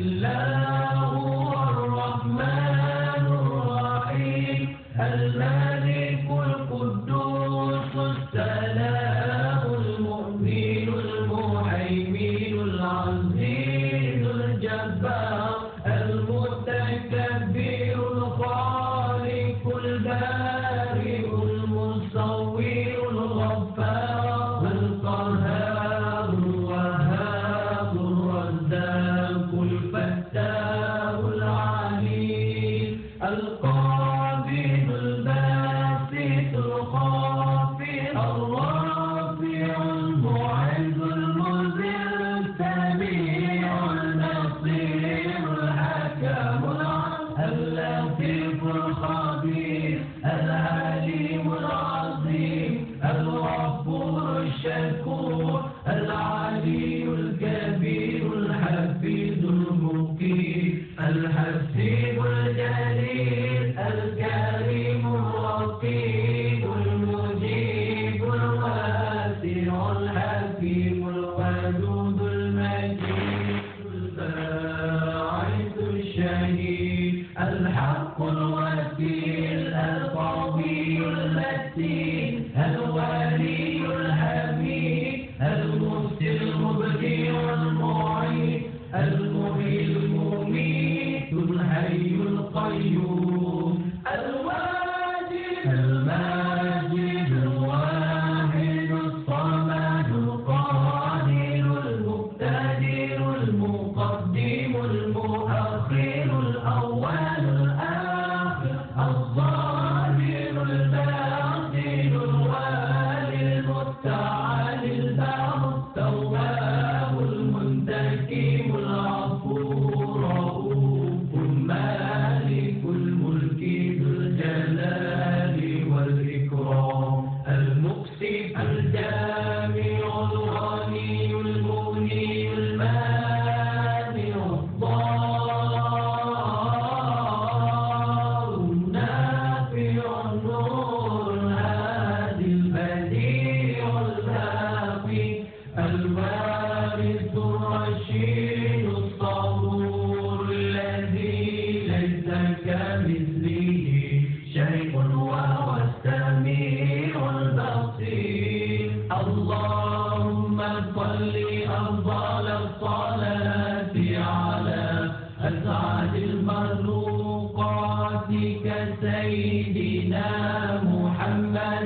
love.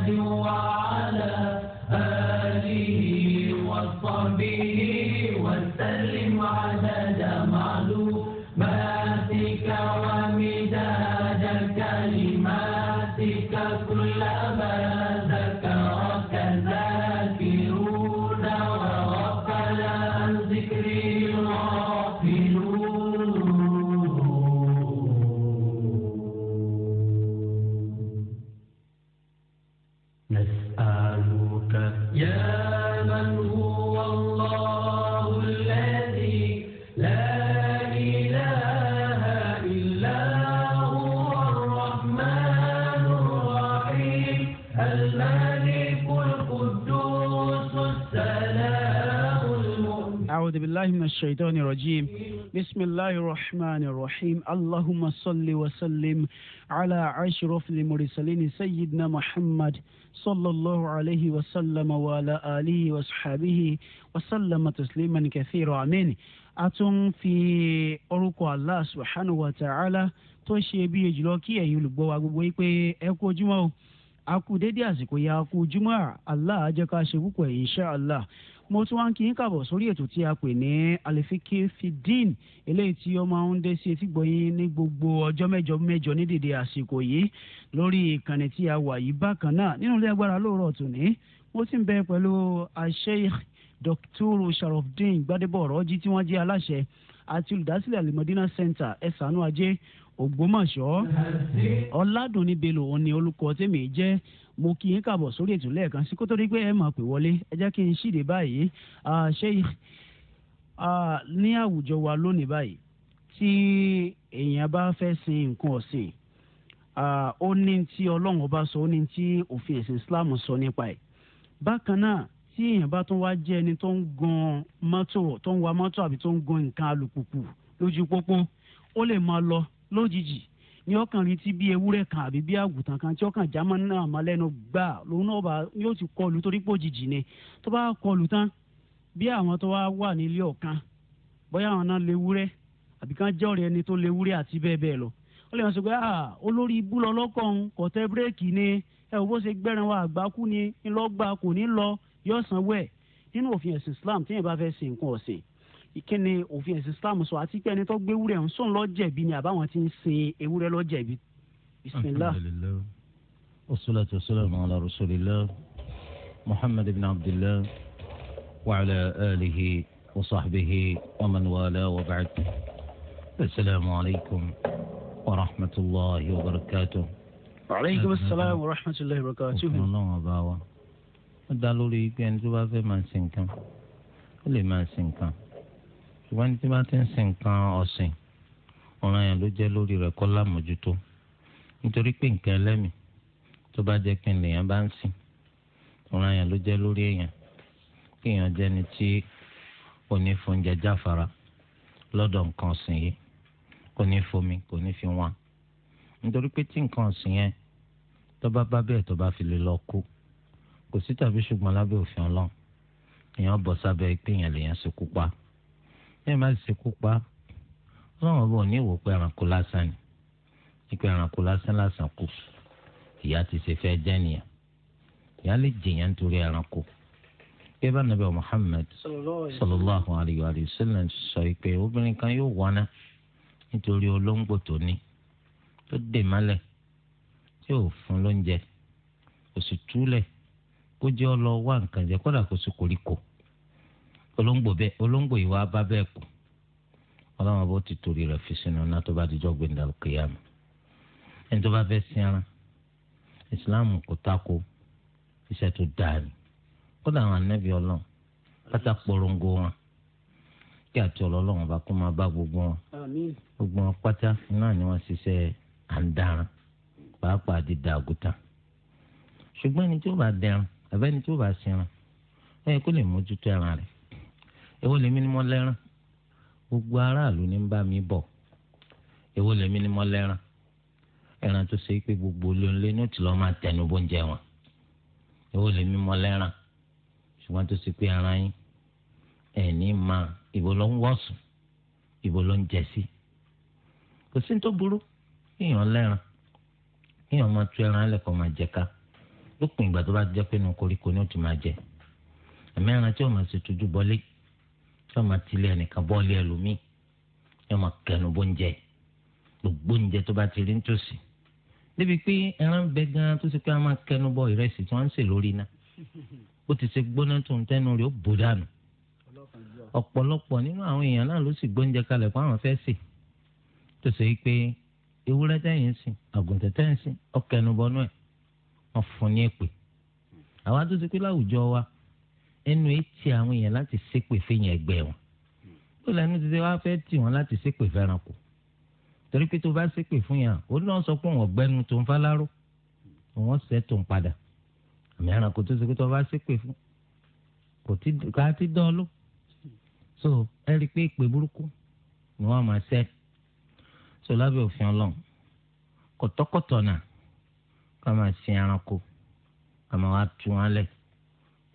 Gracias. bisimilahi rahmani rahim allahumma salli wa sallim ala ashirafil murisalin sayyidina muhammad sallallahu alayhi wa sallam wa ala alihi wa sahabihi wa sallama tasliman kathira amin a tún fi orúkọ allah subhanahu wa ta'ala tó ṣe bí ejulọ kí ẹ̀yin olùgbọ́ wa gbogbo yìí pé ẹ kú ojúmọ́ o a kú dédé àsìkò yà á kú ojúmọ́ allah á jẹ́ ká ṣe púpọ̀ insha allah mo tún wá ń kí yín kàbọ̀ sórí ètò tí a pè ní alifiki fidin eléyìí tí ó máa ń dé sí etí gbọ̀yìn ní gbogbo ọjọ́ mẹ́jọ mẹ́jọ ní dèdè àsìkò yìí lórí ìkànnì tí a wà yìí bákan náà nínú ilé agbára lóòrọ̀ tòní mo sì ń bẹ pẹ̀lú àṣẹ Dr. Sharofdin Gbadebo Ọ̀rọ̀jì tí wọ́n jẹ́ aláṣẹ àti olùdásílẹ̀ alimọ̀dínà center ẹ̀sánú ajé Ògbómọ̀ṣọ́ Ọ̀làdùnní Bello òun ni olùkọ́ mo kí yín kàbọ̀ sórí ètò lẹ́ẹ̀kan sí kó tó di pé ẹ máa pè wọlé ẹ jẹ́ kí n ṣíde báyìí ṣé ní àwùjọ wa lónìí báyìí tí èèyàn bá fẹ́ sin nǹkan ọ̀sìn ó ní tí ọlọ́run ọba sọ ó ní tí òfin ẹ̀sìn Islam sọ nípa ẹ̀ bákan náà tí èèyàn bá tún wá jẹ́ ẹni tó ń gan mọ́tò tó ń wa mọ́tò àbí tó ń gan nǹkan alùpùpù lójú pópó ó lè máa lọ lójijì ní ọkàn rí tí bí ewúrẹ́ kan àbí bí àgùntàn kan tí ọkàn jámọ́ náà má lẹ́nu gbà lòun náà bá yóò ti kọlù torí pé òjijì ni tó bá kọlù tán bí àwọn tó wá wà nílé ọ̀kan bóyá àwọn náà léwúrẹ́ àbí kan jẹ́ ọ̀rẹ́ ẹni tó léwúrẹ́ àti bẹ́ẹ̀ bẹ́ẹ̀ lọ ó lè wọ́n sọ pé olórí ibú lọ lọ́kàn kò tẹ́ bírèkì ni ẹ ò bó ṣe gbẹ́ran wa àgbákú ni ńlọgbà kò ní lọ yọ̀ọ̀sán wẹ̀ nínú òfin ẹ̀sìn Islam téèyàn bá fẹ́ ṣe nǹkan ọ̀sìn ìkíni òfin ẹ̀sìn islam sọ àti pé ẹni tó gbé ewúrẹ́ ń sọ̀n ló jẹ̀bi ni àbáwọn ti ń sin ewúrẹ́ ló jẹ̀bi. bisimilah. alhamdulilayi wasalaatu wasalaamu ala rasulillah muhammad ibn abdillah wa ala alihi wa sahbihi wa man wala wa ba'd. asalaamu alaykum wa rahmatulahi wa barakatuh. wa aleykum asalaam wa rahmatulahi wa barakatuh. òfin náà bá wa. ó dá lórí pé ẹni tó bá fẹ́ máa sin nǹkan ó lè máa sin nǹkan ṣùgbọ́n ní tí bá ti ń sin nǹkan ọ̀sìn ọ̀ràn yẹn ló jẹ́ lórí rẹ̀ kọ́ lámòjútó nítorí pé nǹkan ẹlẹ́mìí tó bá jẹ́ pé lèèyàn bá ń sìn ọ̀ràn yẹn ló jẹ́ lórí èèyàn kí èèyàn jẹ́ni tí kò ní fún jẹjá fara lọ́dọ̀ nǹkan ọ̀sìn yìí kò ní fomi kò ní fi wọn nítorí pé tí nǹkan ọ̀sìn yẹn tó bá bá bẹ́ẹ̀ tó bá fi lè lọ kú kò sí tàbí ṣùgbọ́n lábẹ́ òfin ọlọ́run èèyàn bọ̀ sábẹ́ pé èèyàn lèèyàn ṣekú pa ẹ má ṣekú pa ọlọ́run ọba ò ní ìwò pé ẹranko lásán ni nípa ẹranko lásán lásán kù ìyá ti ṣe fẹ́ jẹ́ nìyà ìyá lè jìyàn nítorí ẹranko pé bá nàbẹ Muhammad sallallahu alayhi wa sallam sọ pé obìnrin kan yóò wọná nítorí olóńgbò tó ní tó dè mọ́lẹ̀ tí ò fún lóúnjẹ kò sì túlẹ̀ kó jẹ́ ọ lọ wá nǹkan jẹ kódà kó sì koríko olóńgbò bẹ́ẹ̀ olóńgbò yìí wá bá bẹ́ẹ̀ kú ọlọ́run bó ti torí rẹ̀ fi sínú iná tó bá dijọ́ gbẹ̀ndà kíyámà ẹni tó bá fẹ́ sin ara islam kò tako iṣẹ́ tó dáa ni kódà àwọn anábì ọlọ́run pátá pọ̀rọ̀ǹgò wọn kí àti ọlọ́run bá kó máa bá gbogbo wọn gbogbo wọn pátá náà ni wọ́n ṣiṣẹ́ àǹdarán pàápàá dídá àgùntàn ṣùgbọ́n ẹni tí ó bá dẹran àbẹ́ni tí ó bá sinran ẹ kó lè mójútó ẹran rẹ̀ èwo lèmi ni mo lẹ́ràn gbogbo aráàlú ní bá mi bọ̀ èwo lèmi ni mo lẹ́ràn ẹran tó ṣe gbogbo olóńlé ní òtí lọ́ọ́ máa tẹnu bóúnjẹ wọn èwo lèmi mo lẹ́ràn ṣùgbọ́n tó ara yín ẹ̀ ní máa ìbò ló ń wọ̀sùn ìbò ló ń jẹ sí kò sí tó burú èèyàn lẹ́ràn èèyàn máa tú ẹran alẹ́ kọ́ máa jẹ ká lópin ìgbà tó bá jẹ́ pé inú koríko ni ó ti yóò máa tilẹ̀ nìkan bọ́ọ̀lì ẹlòmíì yóò máa kẹnu bóúnjẹ gbogbo oúnjẹ tó bá ti rí nítòsí débi pé ẹran bẹ gan tó ṣe pé a máa kẹnu bọ ìrẹsì tí wọ́n ń sè lórí iná bó ti ṣe gbóná tó ń tẹnu rẹ̀ ó bò dànù ọ̀pọ̀lọpọ̀ nínú àwọn èèyàn náà ló sì gbóúnjẹ kalẹ̀ fún àwọn fẹ́ẹ́ sè tó ṣe pé ewúrẹ́ tẹ̀yìn sìn àgùntàn tẹ̀yìn sìn ọkẹnu bọnú ẹ̀ fún ní èpè àwa tó ṣe pé láwùjọ wa ẹnu etí àwọn èèyàn láti ṣépè fẹ́yìn ẹgbẹ́ wọn ó lẹ́nu ti ṣe wá fẹ́ tì wọ́n láti ṣépè fẹ́ranko torí pé tó bá ṣépè fún yàn ó náà sọ pé òun ọ̀gbẹ́nu tó ń faláró òun ṣẹ́ tó ń padà àmì ẹranko tó ṣe pé tó bá ṣépè fún kò tí ká ti dán ló so ẹ rí i pé ìpè burúkú ni wọ́n máa ṣẹ́ so lábẹ́ òfin ọlọ́run kọ̀tọ́kọ̀tọ̀ náà ká máa sin ẹranko ká máa wá tú wọn lẹ̀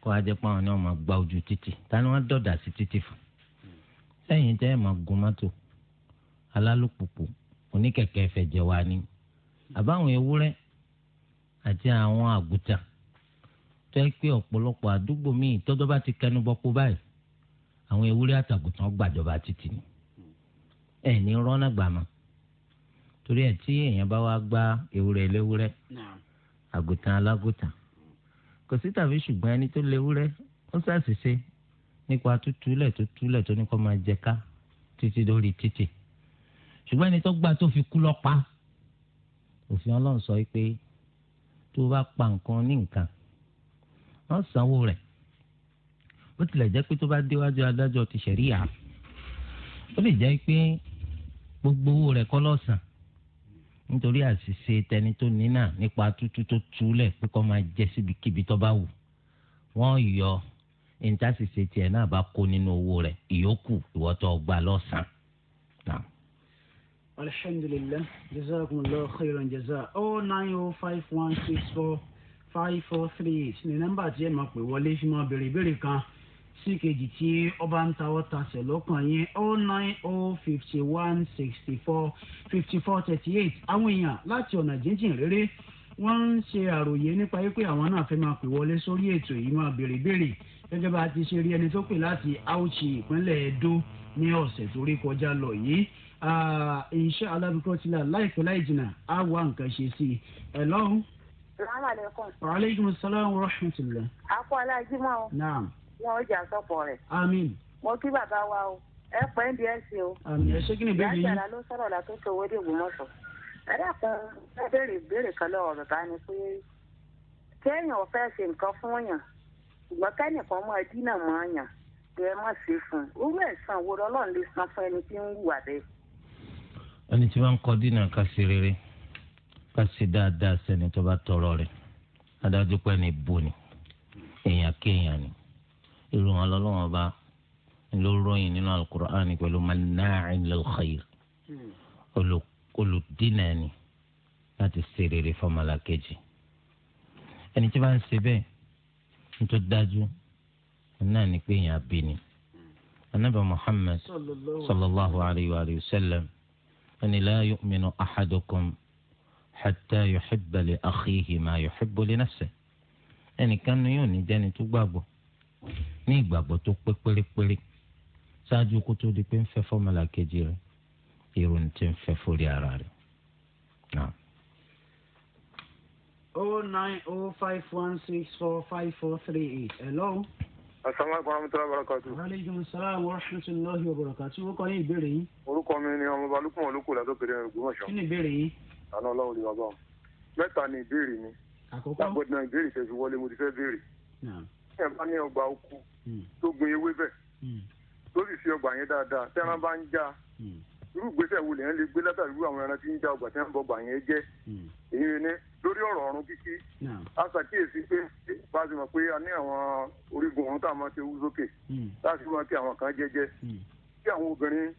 kó a jẹ́ pé àwọn gba ojú títì ta ni wọ́n dọ̀dà sí títì fún. sẹ́yìn tẹ́ ẹ̀ máa gun mọ́tò alálùpùpù oníkẹ̀kẹ́ fẹ̀jẹ̀ wa ni àbáwọn ewúrẹ́ àti àwọn àgùtàn tó yẹ pé ọ̀pọ̀lọpọ̀ àdúgbò míì tọ́jọ́ bá ti kẹnu bọ́ kó báyìí àwọn ewúrẹ́ àtàgùtàn gbàjọba títì ni ẹ̀ ní rọ́nà gbàmọ́ torí ẹ̀ tí èèyàn bá wá gba ewúrẹ́ léwúrẹ́ àgùtàn alágùtàn kò sí tàbí ṣùgbọ́n ẹni tó léwúrẹ́ ó ṣàṣìṣe nípa tútúlẹ̀ tó túlẹ̀ tó ní kó máa jẹ ká títí lórí títì ṣùgbọ́n ẹni tó gbà tó fi kú lọ́pa òfin ọlọ́run sọ pé tó bá pa nǹkan ní nǹkan wọ́n sanwó rẹ̀ bó tilẹ̀ jẹ́ pé tó bá déwájú adájọ́ ti ṣẹ̀ríyà ó lè jẹ́ pé gbogbo owó rẹ̀ kọ́ lọ́sàn-án nítorí àṣìṣe tẹni tó ní náà nípa tútú tó túlẹ̀ pé kó máa jẹ́ síbikíbi tó bá wù wọ́n yọ ìntàṣìṣe tiẹ̀ náà bá kó nínú owó rẹ̀ ìyókù ìwọ́tọ̀ gbà lọ́sàn-án. alhamdulillah jazakumullahu khairan jaza oh nine oh five one six four five four three eight ní nọ́mbà tí ẹ máa pè wọlé fi máa béèrè ìbéèrè kan sí kejì tí ọba ń tawọ́ tasẹ̀ lọ́kàn yẹn oh nine oh fifty one sixty four fifty four thirty eight àwọn èèyàn láti ọ̀nà jíjìn réré wọ́n ń ṣe àròyé nípa wípé àwọn náà fẹ́ máa pè wọlé sórí ètò yìí máa béèrè béèrè gẹ́gẹ́ bá a ti ṣe rí ẹni tó pè láti Auchi ìpínlẹ̀ Edo ní ọ̀sẹ̀ tó rí kọjá lọ yìí iṣẹ́ alábìkọ́tìlá láìpẹ́ láì jìnnà á wá nǹkan ṣe sí i ẹ̀ lọ́hùn. salaamaleykum. wa salaam wa rahmatulah. àpò aláàjì máa. naam. wọn ò jà sọ̀pọ̀ rẹ̀. àmín. mo wa o ẹ pẹ́ ń di o. ami ẹ ṣé kí ni bẹ́ẹ̀ ni. yàtọ̀ ló sọ̀rọ̀ la tó sọ ẹ dàpọ̀ ẹ béèrè ìbéèrè kan lọ́wọ́ bàbá ni pé kéèyàn ò fẹ́ ṣe nǹkan fún yàn ṣùgbọ́n kẹ́nìkan máa dínà mọ́ yàn kí ẹ má ṣe fún un. wo lọ́lọ́run lè san ẹni tí ń hùwà bẹ́ẹ̀. ẹni tí wọ́n ń tọrọ rẹ̀ adájú bò irú wọn lọ́lọ́wọ́n bá ló ròyìn nínú alukur'an pẹ̀lú manáàrin lil khair olùdínà ni láti ṣe rere fọmọlá kejì ẹni tí wọ́n ń ṣe bẹ́ẹ̀ nítorí dájú náà ni pé èèyàn bí ni anabi muhammad sallallahu alayhi wa sallam ani la yu'minu ahadukum hatta yuhibba li akhihi ma yuhibbu li nafsihi ẹnìkan ni yóò ní jẹ́ni tó gbàgbọ́ ní ìgbàgbọ́ tó pé pérépéré ṣáájú kó tó di pé ń fẹ́ fọ́mọlà kejì rẹ̀ ìròyìn tí ń fẹ́ fórí ara rẹ̀. o oh nine oh five one six four five four three eight hello. asalaamualeykum wa rahmatulahi wa barakatu. aleykum salaam wa rahmatulahi wa barakatu. o kọ́ ní ìbéèrè yìí. orúkọ mi ni ọmọọba lukun olóko làdó pèrè Ògbómọ̀ṣọ́. kí ni ìbéèrè yìí. àná ọlọ́run lè wá bá wọn. mẹ́ta ni ìbéèrè mi. àkọ́kọ́. lágbọ́dọ̀ ìbéèrè tẹ̀sí mo ti fẹ́ béèrè tẹ̀ bá ní ọgbà oko hmm. tó gbin ewébẹ̀ hmm. tó sì fi ọgbà yẹn dáadáa tẹ́ran bá ń já hmm. irú ìgbésẹ̀ wo lèyàn lè gbé látàrí irú àwọn ẹran tí ń já ọgbà tí wọ́n ń bọ ọgbà yẹn jẹ́ èyí ni lórí ọ̀rọ̀ ọ̀run kíkí a ṣàkíyèsí pé bá a ti mọ̀ pé a ní àwọn orígun ọ̀run tá a máa ṣe wú sókè láti wá kí àwọn kan jẹ́jẹ́ kí àwọn obìnrin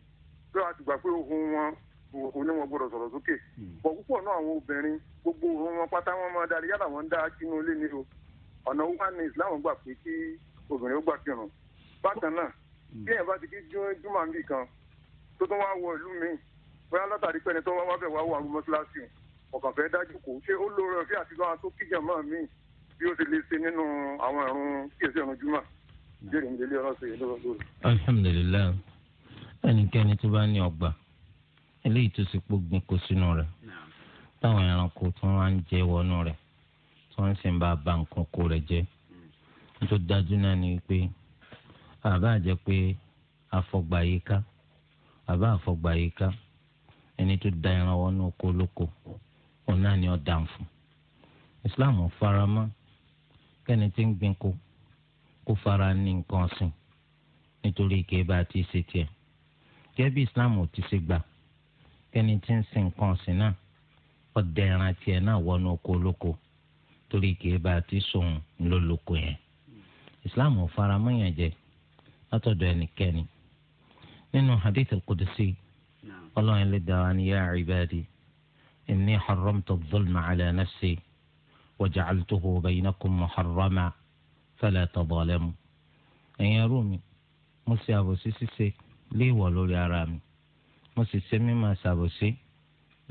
tó a ti gbà pé ohun wọn òun ni wọn gbọ́dọ̀ sọ̀rọ̀ sókè pọ̀ púpọ̀ náà àwọn obìnrin gbogbo ohun wọn pátá wọn máa darí yálà wọn dá kínú ilé ni o ọ̀nà wa ni islam gbà pé kí obìnrin ó gbà kírun bákan náà bí hmm. èèyàn bá ti kí júmọ̀ nbì kan tó tún wá wọ ìlú mi bóyá látàrí pé ẹni tó wá wá wá wọ àwọn mọ́ṣáláṣí ọ̀kàn fẹ́ dájú kò ṣé ó lóore ọ̀fẹ́ àti bá tó kíjà mọ́ mi bí ó ti lè ṣe nínú àwọn ìrun kíyèsí ìrun júmọ̀ jẹ́rìí ń délé ọlọ́sẹ̀ yìí lọ́wọ́ lórí. alhamdulilayi ẹnikẹ́ni tó bá ní ọgbà eléyìí tó ti pọ̀ kó sínú rẹ̀ táwọn ẹranko tó wá ń jẹ wọnú rẹ̀ wọ́n sì ń bá ba nǹkan kó rẹ̀ jẹ́ nítorí dájú náà ni pé àbá jẹ́ pé afọgbà yìí ká àbá àfọgbà yìí ká ẹni tó da ẹran wọnú oko olóko òun náà ni ọ dàn fún Islam faramọ́ kẹ́ni tí ń gbin ko kó fara ní nǹkan ọ̀sìn nítorí ìkéba àti ìṣe tiẹ̀ gẹ́gẹ́ bí Islam ò ti ṣe gbà kẹ́ni tí ń sin nǹkan ọ̀sìn náà ọ̀dẹ̀ ẹran tiẹ̀ náà wọnú oko olóko torí kìí bá ti sòun ló lóko yẹn islam ò fara mọ́yàn jẹ látọ̀dọ̀ ẹnikẹ́ni nínú hadith al-qudsi ọlọ́run lè dá wa ní ya ibadi inni haramtu dhulma ala nafsi wa ja'altuhu baynakum muharrama fala tadalamu ẹ̀yin mo ṣe àbòsí ṣíṣe léèwọ̀ lórí ara mi mo sì ṣe mímọ̀ ṣàbòsí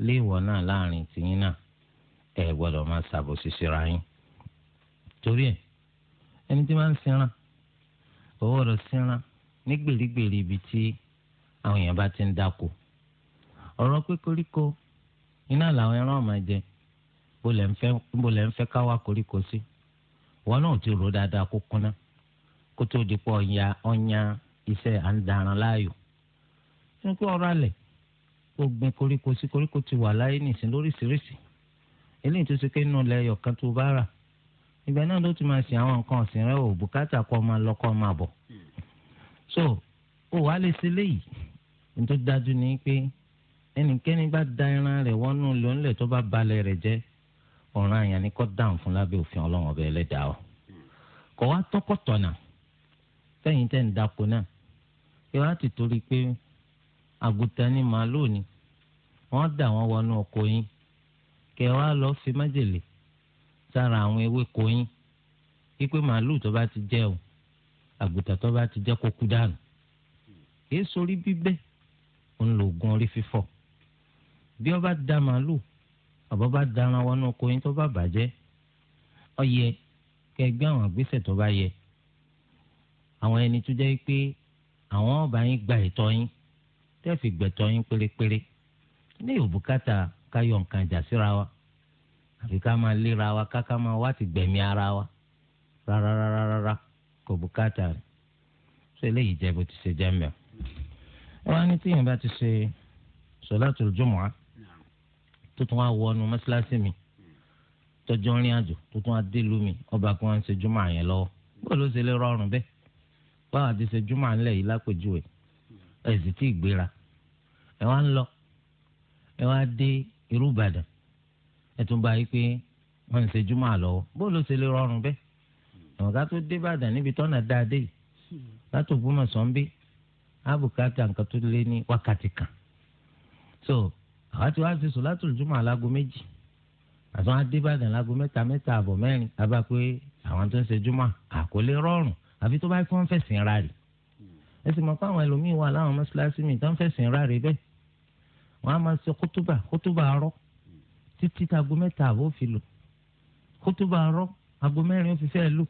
léèwọ̀ náà láàrin tìyín náà ẹ gbọ́dọ̀ máa ṣàbòsí síra yín torí ẹ ẹni tí máa ń sinra ó gbọ́dọ̀ sinra ní gbèrígbèrí ibi tí àwọn èèyàn bá ti ń dáko ọ̀rọ̀ pé koríko iná làwọn ẹran máa jẹ bó lẹ́ ń fẹ́ ká wá koríko sí wọn náà ti rò dáadáa kó kúnná kó tó di pọ̀ ọ̀ya ọ̀ya iṣẹ́ à ń daran láàyò nínú pé ọ̀rọ̀ alẹ̀ gbin koríko sí koríko ti wà láyé nìsín lóríṣiríṣi eléyìí tó ṣe pé nínú ilẹ̀ ẹyọ̀kan tó bá rà ìgbà náà ló ti máa ṣe àwọn nǹkan ọ̀sìn rẹ ò bùkátà kọ́ máa lọ máa bọ̀ so ó wàá lè ṣe léyìí ní tó dájú ni pé ẹnikẹ́ni bá da ẹran rẹ̀ wọ́nú lónìí tó bá balẹ̀ rẹ̀ jẹ́ ọ̀ràn àyàn ni kọ́ dáhùn fún lábẹ́ òfin ọlọ́run ọbẹ̀ o kọ́ wá tọkọ̀tọ̀nà fẹ́yìn tẹ́ ń dako náà ti torí pé àgùntàn ni ni wọ́n dà wọ́n wọnú ọkọ yín kẹ wá lọ fi májèlé sára àwọn ewéko yín wípé màálù tó bá ti jẹ o àgùntàn tó bá ti jẹ kó kú dànù kìí sorí bíbẹ́ òun lòògùn orí fífọ́ bí ó bá da màálù àbọ̀ bá daran wọnú oko yín tó bá bàjẹ́ ó yẹ àwọn àgbésẹ̀ tó bá yẹ àwọn ẹni tó jẹ́ pé àwọn ọba yín gba ẹ̀tọ́ yín tẹ́ fi gbẹ̀tọ́ yín pérépéré ní òbúkátà ká yọ nǹkan jà síra wa àfi ká máa léra wa ká ká máa wá ti gbẹ̀mí ara wa rárárárárá kò bùkátà rẹ̀ ṣé eléyìí jẹ́ bó ti ṣe jẹ́ mẹ́ọ̀. wọ́n á ní tí yìnbá ti ṣe sọ̀láàtù jùmọ̀á tó tún wá wọnú mọ́ṣáláṣí mi tọ́jú rìn àjò tó tún wá délùú mi ọba kí wọ́n ń ṣe jùmọ̀ àyẹn lọ́wọ́ bó ló ṣe lè rọrùn bẹ́ẹ̀ báwa ti ṣe jùmọ̀ àlẹ́ yìí lápèjúwe ẹ̀ tí ì gbéra ẹ̀ wá ń lọ ẹ̀ wá dé irú ìbàdàn ẹtùn bá yí pé wọn ń ṣe júmọ àlọwọ bó ló ṣe lè rọrùn bẹ́ẹ̀ ọ̀gá tó dé ìbàdàn níbi tọ́nà dáadé yìí látò gbọmọ sọmbí àbùkátà nǹkan tó lé ní wákàtí kan so àwa ti wá ṣe sọ látò júmọ alágo méjì àtúwọn adébàdàn lágo mẹ́ta mẹ́ta àbọ̀ mẹ́rin àbá pé àwọn tó ń ṣe júmọ àkólé rọrùn àfi tó bá kí wọn fẹsìn rárẹ ẹ sì mọ pé àwọn ẹlòmíín wà láwọn mọ́ṣáláṣí mi tó ń fẹsìn rárẹ bẹ́ẹ̀ wọn á máa ṣe kótóbà kótóbà arọ títí tago mẹ́ta àbó fi lò kótóbà arọ ago mẹ́rin ó fi fẹ́ lò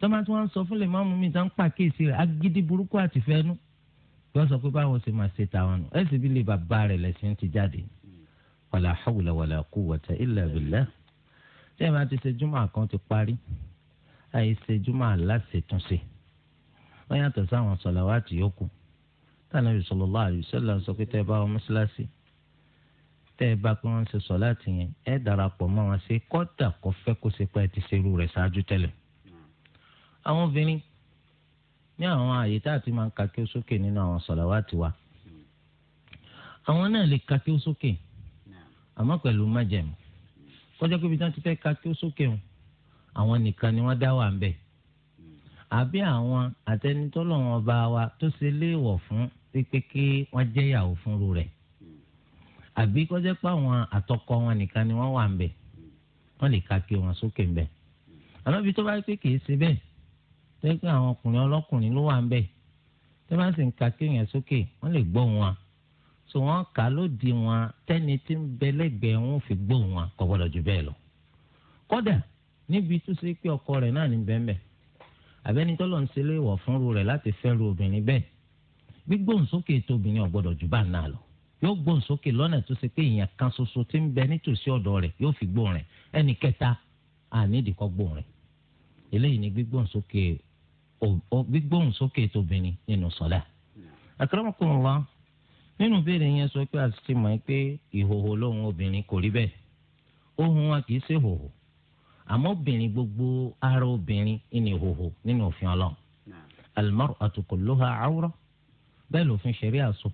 tọ́mà tí wọ́n ń sọ fún lè má mú mi tá ń pàkíyèsí rẹ̀ agídí burúkú àti fẹ́nu bí wọ́n sọ pé báwọn ṣe máa ṣe tàwọn nù ẹ̀ sì bí lè bàbá rẹ̀ lẹ́sìn ti jáde wàlà hàwùlà wàlà quwwata illa billah tẹ́ẹ̀ máa ti ṣe júmọ̀ kan ti parí àyè ṣe júmọ̀ aláṣetúnṣe wọ́n yàtọ̀ sáwọn sọ̀làwátì yòókù tànàbí sallallahu alaihi wasallam sọ pé tẹ́ ẹ bá wọn mọ́ṣáláṣí tẹ́ ẹ bá pé wọ́n ń ṣe sọ̀láàtì yẹn ẹ darapọ̀ mọ́ wọn ṣe kọ́dà kó fẹ́ kó ṣe pé ẹ ti ṣerú rẹ̀ ṣáájú tẹ́lẹ̀. àwọn obìnrin ní àwọn àyè tá a ti máa ń ka kí nínú àwọn sọ̀làwátì wa àwọn náà lè ka kí ó sókè àmọ́ kọjá pé tí wọ́n ti fẹ́ ka kí wọn àwọn nìkan ni wọ́n dá wà ń bẹ̀ àbí àwọn àtẹnitọ́lọ́wọ́n ọba wa tó ṣe léèwọ̀ fún pípé kí wọ́n jẹ́ ìyàwó fúnru rẹ̀ àbí kó jẹ́ pé àwọn àtọkọ wọn nìkan ni wọ́n wà ń bẹ̀ wọ́n lè ka kí wọn sókè ń bẹ̀ àmọ́ ibi tó bá pé kì í ṣe bẹ́ẹ̀ tó yẹ pé àwọn ọkùnrin ọlọ́kùnrin ló wà ń bẹ̀ tó bá sì ń ka kí yẹn sókè wọ́n lè gbọ́ wọn so wọ́n kà á lòdì wọn tẹ́ni tí ń bẹ lẹ́gbẹ̀ẹ́ wọn fi gbọ́ wọn kò gbọ́dọ̀ jù bẹ́ẹ̀ lọ kódà níbi tó ṣe pé ọkọ rẹ̀ náà ní bẹ́ẹ̀ bẹ́ẹ̀ àbẹ́ni tọ́lọ́ ń ṣe léèwọ̀ fúnru rẹ̀ láti fẹ́ru obìnrin bẹ́ẹ̀ gbígbónsókè tó obìnrin ọ̀gbọ́dọ̀ jù bá náà lọ yóò gbóhùnsókè lọ́nà tó ṣe pé èèyàn kan ṣoṣo tí ń bẹ nítòsí ọdọ rẹ yóò fi gbóhùn rẹ ẹnì kẹta ànídìíkọ́ gbóhùn rẹ̀ eléyìí ni gbígbóhùnsókè gbígbóhùnsókè tó obìnrin nínú nínú ìbéèrè yẹn sọ pé àti mọ̀ pé ìhòhò obìnrin kò rí bẹ́ẹ̀ wa kì í ṣe hòhò àmọ́ obìnrin ara obìnrin nínú òfin bẹ́ẹ̀ lòfin ṣẹ̀rí àṣọ